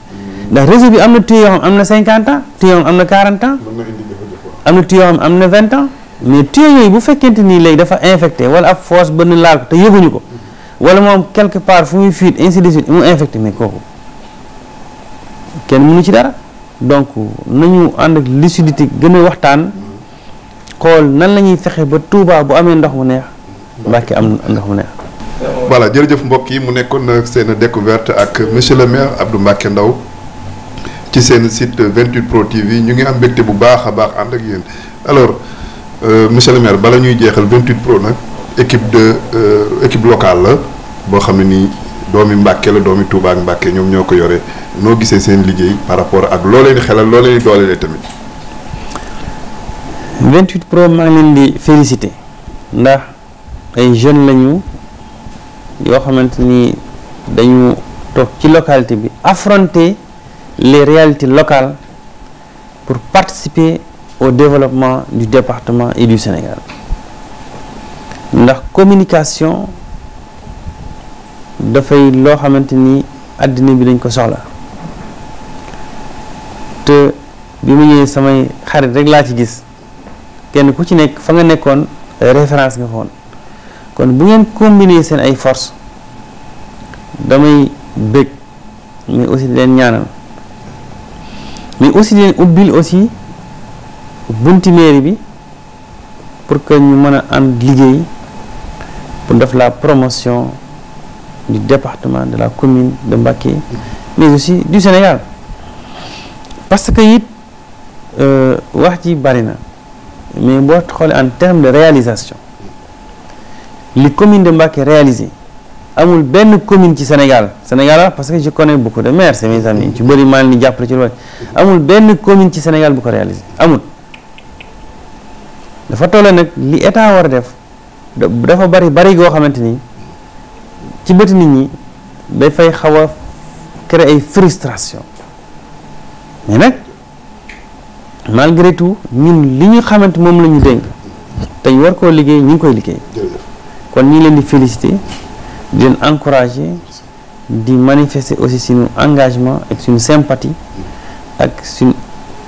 ndax réseau bi am na tuyau yoo am na 50 ans tuyau na 40 am na tuyau am na 20 ans mais tuyau yooyu bu fekkente nii léegi dafa infecté wala ak force bënn laal ko te yëguñu ko wala moom quelque part fu muy fuite ainsi de mu infecté mais kooku kenn mënu ci dara donc nañu ànd ak lucidité gën a waxtaan xool nan la ñuy fexe ba Touba bu amee ndox mu neex
Mbàkke am ndox mu neex. voilà jërëjëf mbokk yi mu nekkoon seen découverte ak monsieur le maire Abdou Mbacke Ndao ci seen site 28 Pro TV ñu ngi am mbégte bu baax a baax ànd ak yéen alors euh, monsieur le maire bala ñuy jeexal 28 Pro nag équipe de euh, équipe locale la boo xam ne nii. doomi Mbàkke la doomi Touba ak Mbàkke ñoom ñoo ko yore noo gisee seen liggéey par rapport ak loo leen xelal loo leen doolelee tamit. 28 pro maa ngi leen di félicité ndax ay
jeunes lañu yoo xamante ni dañu toog ci localité bi affronter les réalités locales pour participer au développement du département et du Sénégal ndax communication. dafay loo xamante ni àddina bi dañ ko soxla te bi mu ñëwee samay xarit rek laa ci gis kenn ku ci nekk fa nga nekkoon référence nga foon kon bu ngeen combiner seen ay force damay bëgg mais aussi di leen ñaanal mais aussi di ubbil aussi bunti mairie bi pour que ñu mën a ànd liggéey pour def la promotion du département de la commune de Mbacké mais aussi du Sénégal parce que it euh, wax ji bari na mais boo xoolee en terme de réalisation li commune de Mbacké réalisé amul benn commune ci Sénégal Sénégal parce que je connais ko de maires c'est mes amis ci bëri maa ni jàppale ci loolu amul benn commune ci Sénégal bu ko réalisé amul dafa toll nag li état war a def dafa bari bari goo xamante ni. ci bëti nit ñi dafay xaw a créer ay frustration mais nag malgré tout ñun li ñu xamante moom la ñu dénk te ñu war koo liggéey ñu ngi koy liggéey kon ñu leen di féliciter di leen encourager di manifester aussi suñu engagement ak suñu sympathie ak suñu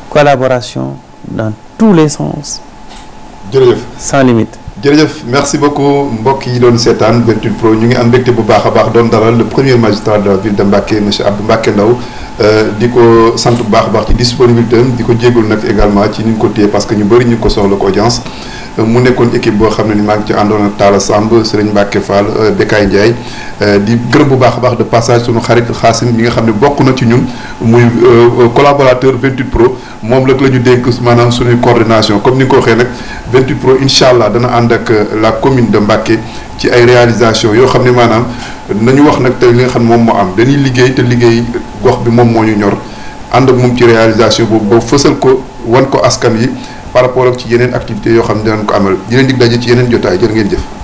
collaboration dans tous les sens.
jërëjëf sans limite. jërëjëf merci beaucoup mbokk yi doon seetaan 28 pro ñu ngi am mbégte bu baax a baax doon dalal le premier magistrat de la ville de Mbacké monsieur Abdou Mbacké ndaw euh, di ko sant bu baax a baax ci disponibilité am di ko jégalu nag également ci ni ñu ko téye parce que ñu bëri ñu ko soxla ko audience. mu nekkoon équipe boo xam ne ni maa ngi ci àndoon ak Talla Samb Serigne Mbacke Fall euh, Bekay Ndiaye euh, di gërëm bu baax baax de passage suñu xarit Xaasim bi nga xam ne bokk na ci ñun muy euh, collaborateur 28 Pro moom la la ñu dénk maanaam suñuy coordination comme ni nga ko waxee nag 28 Pro incha allah dana ànd ak la commune de Mbacke ci ay réalisation yoo xam ne maanaam nañu wax nag te li nga xam moom moo am dañuy liggéey te liggéey gox bi moom moo ñu ñor ànd ak moom ci réalisation boobu boo fësal ko wan ko askan yi par rapport ak ci yeneen activités yoo xam ne dinañ ko amal yeneen dig daje ci yeneen jotaay jërë ngeen jëf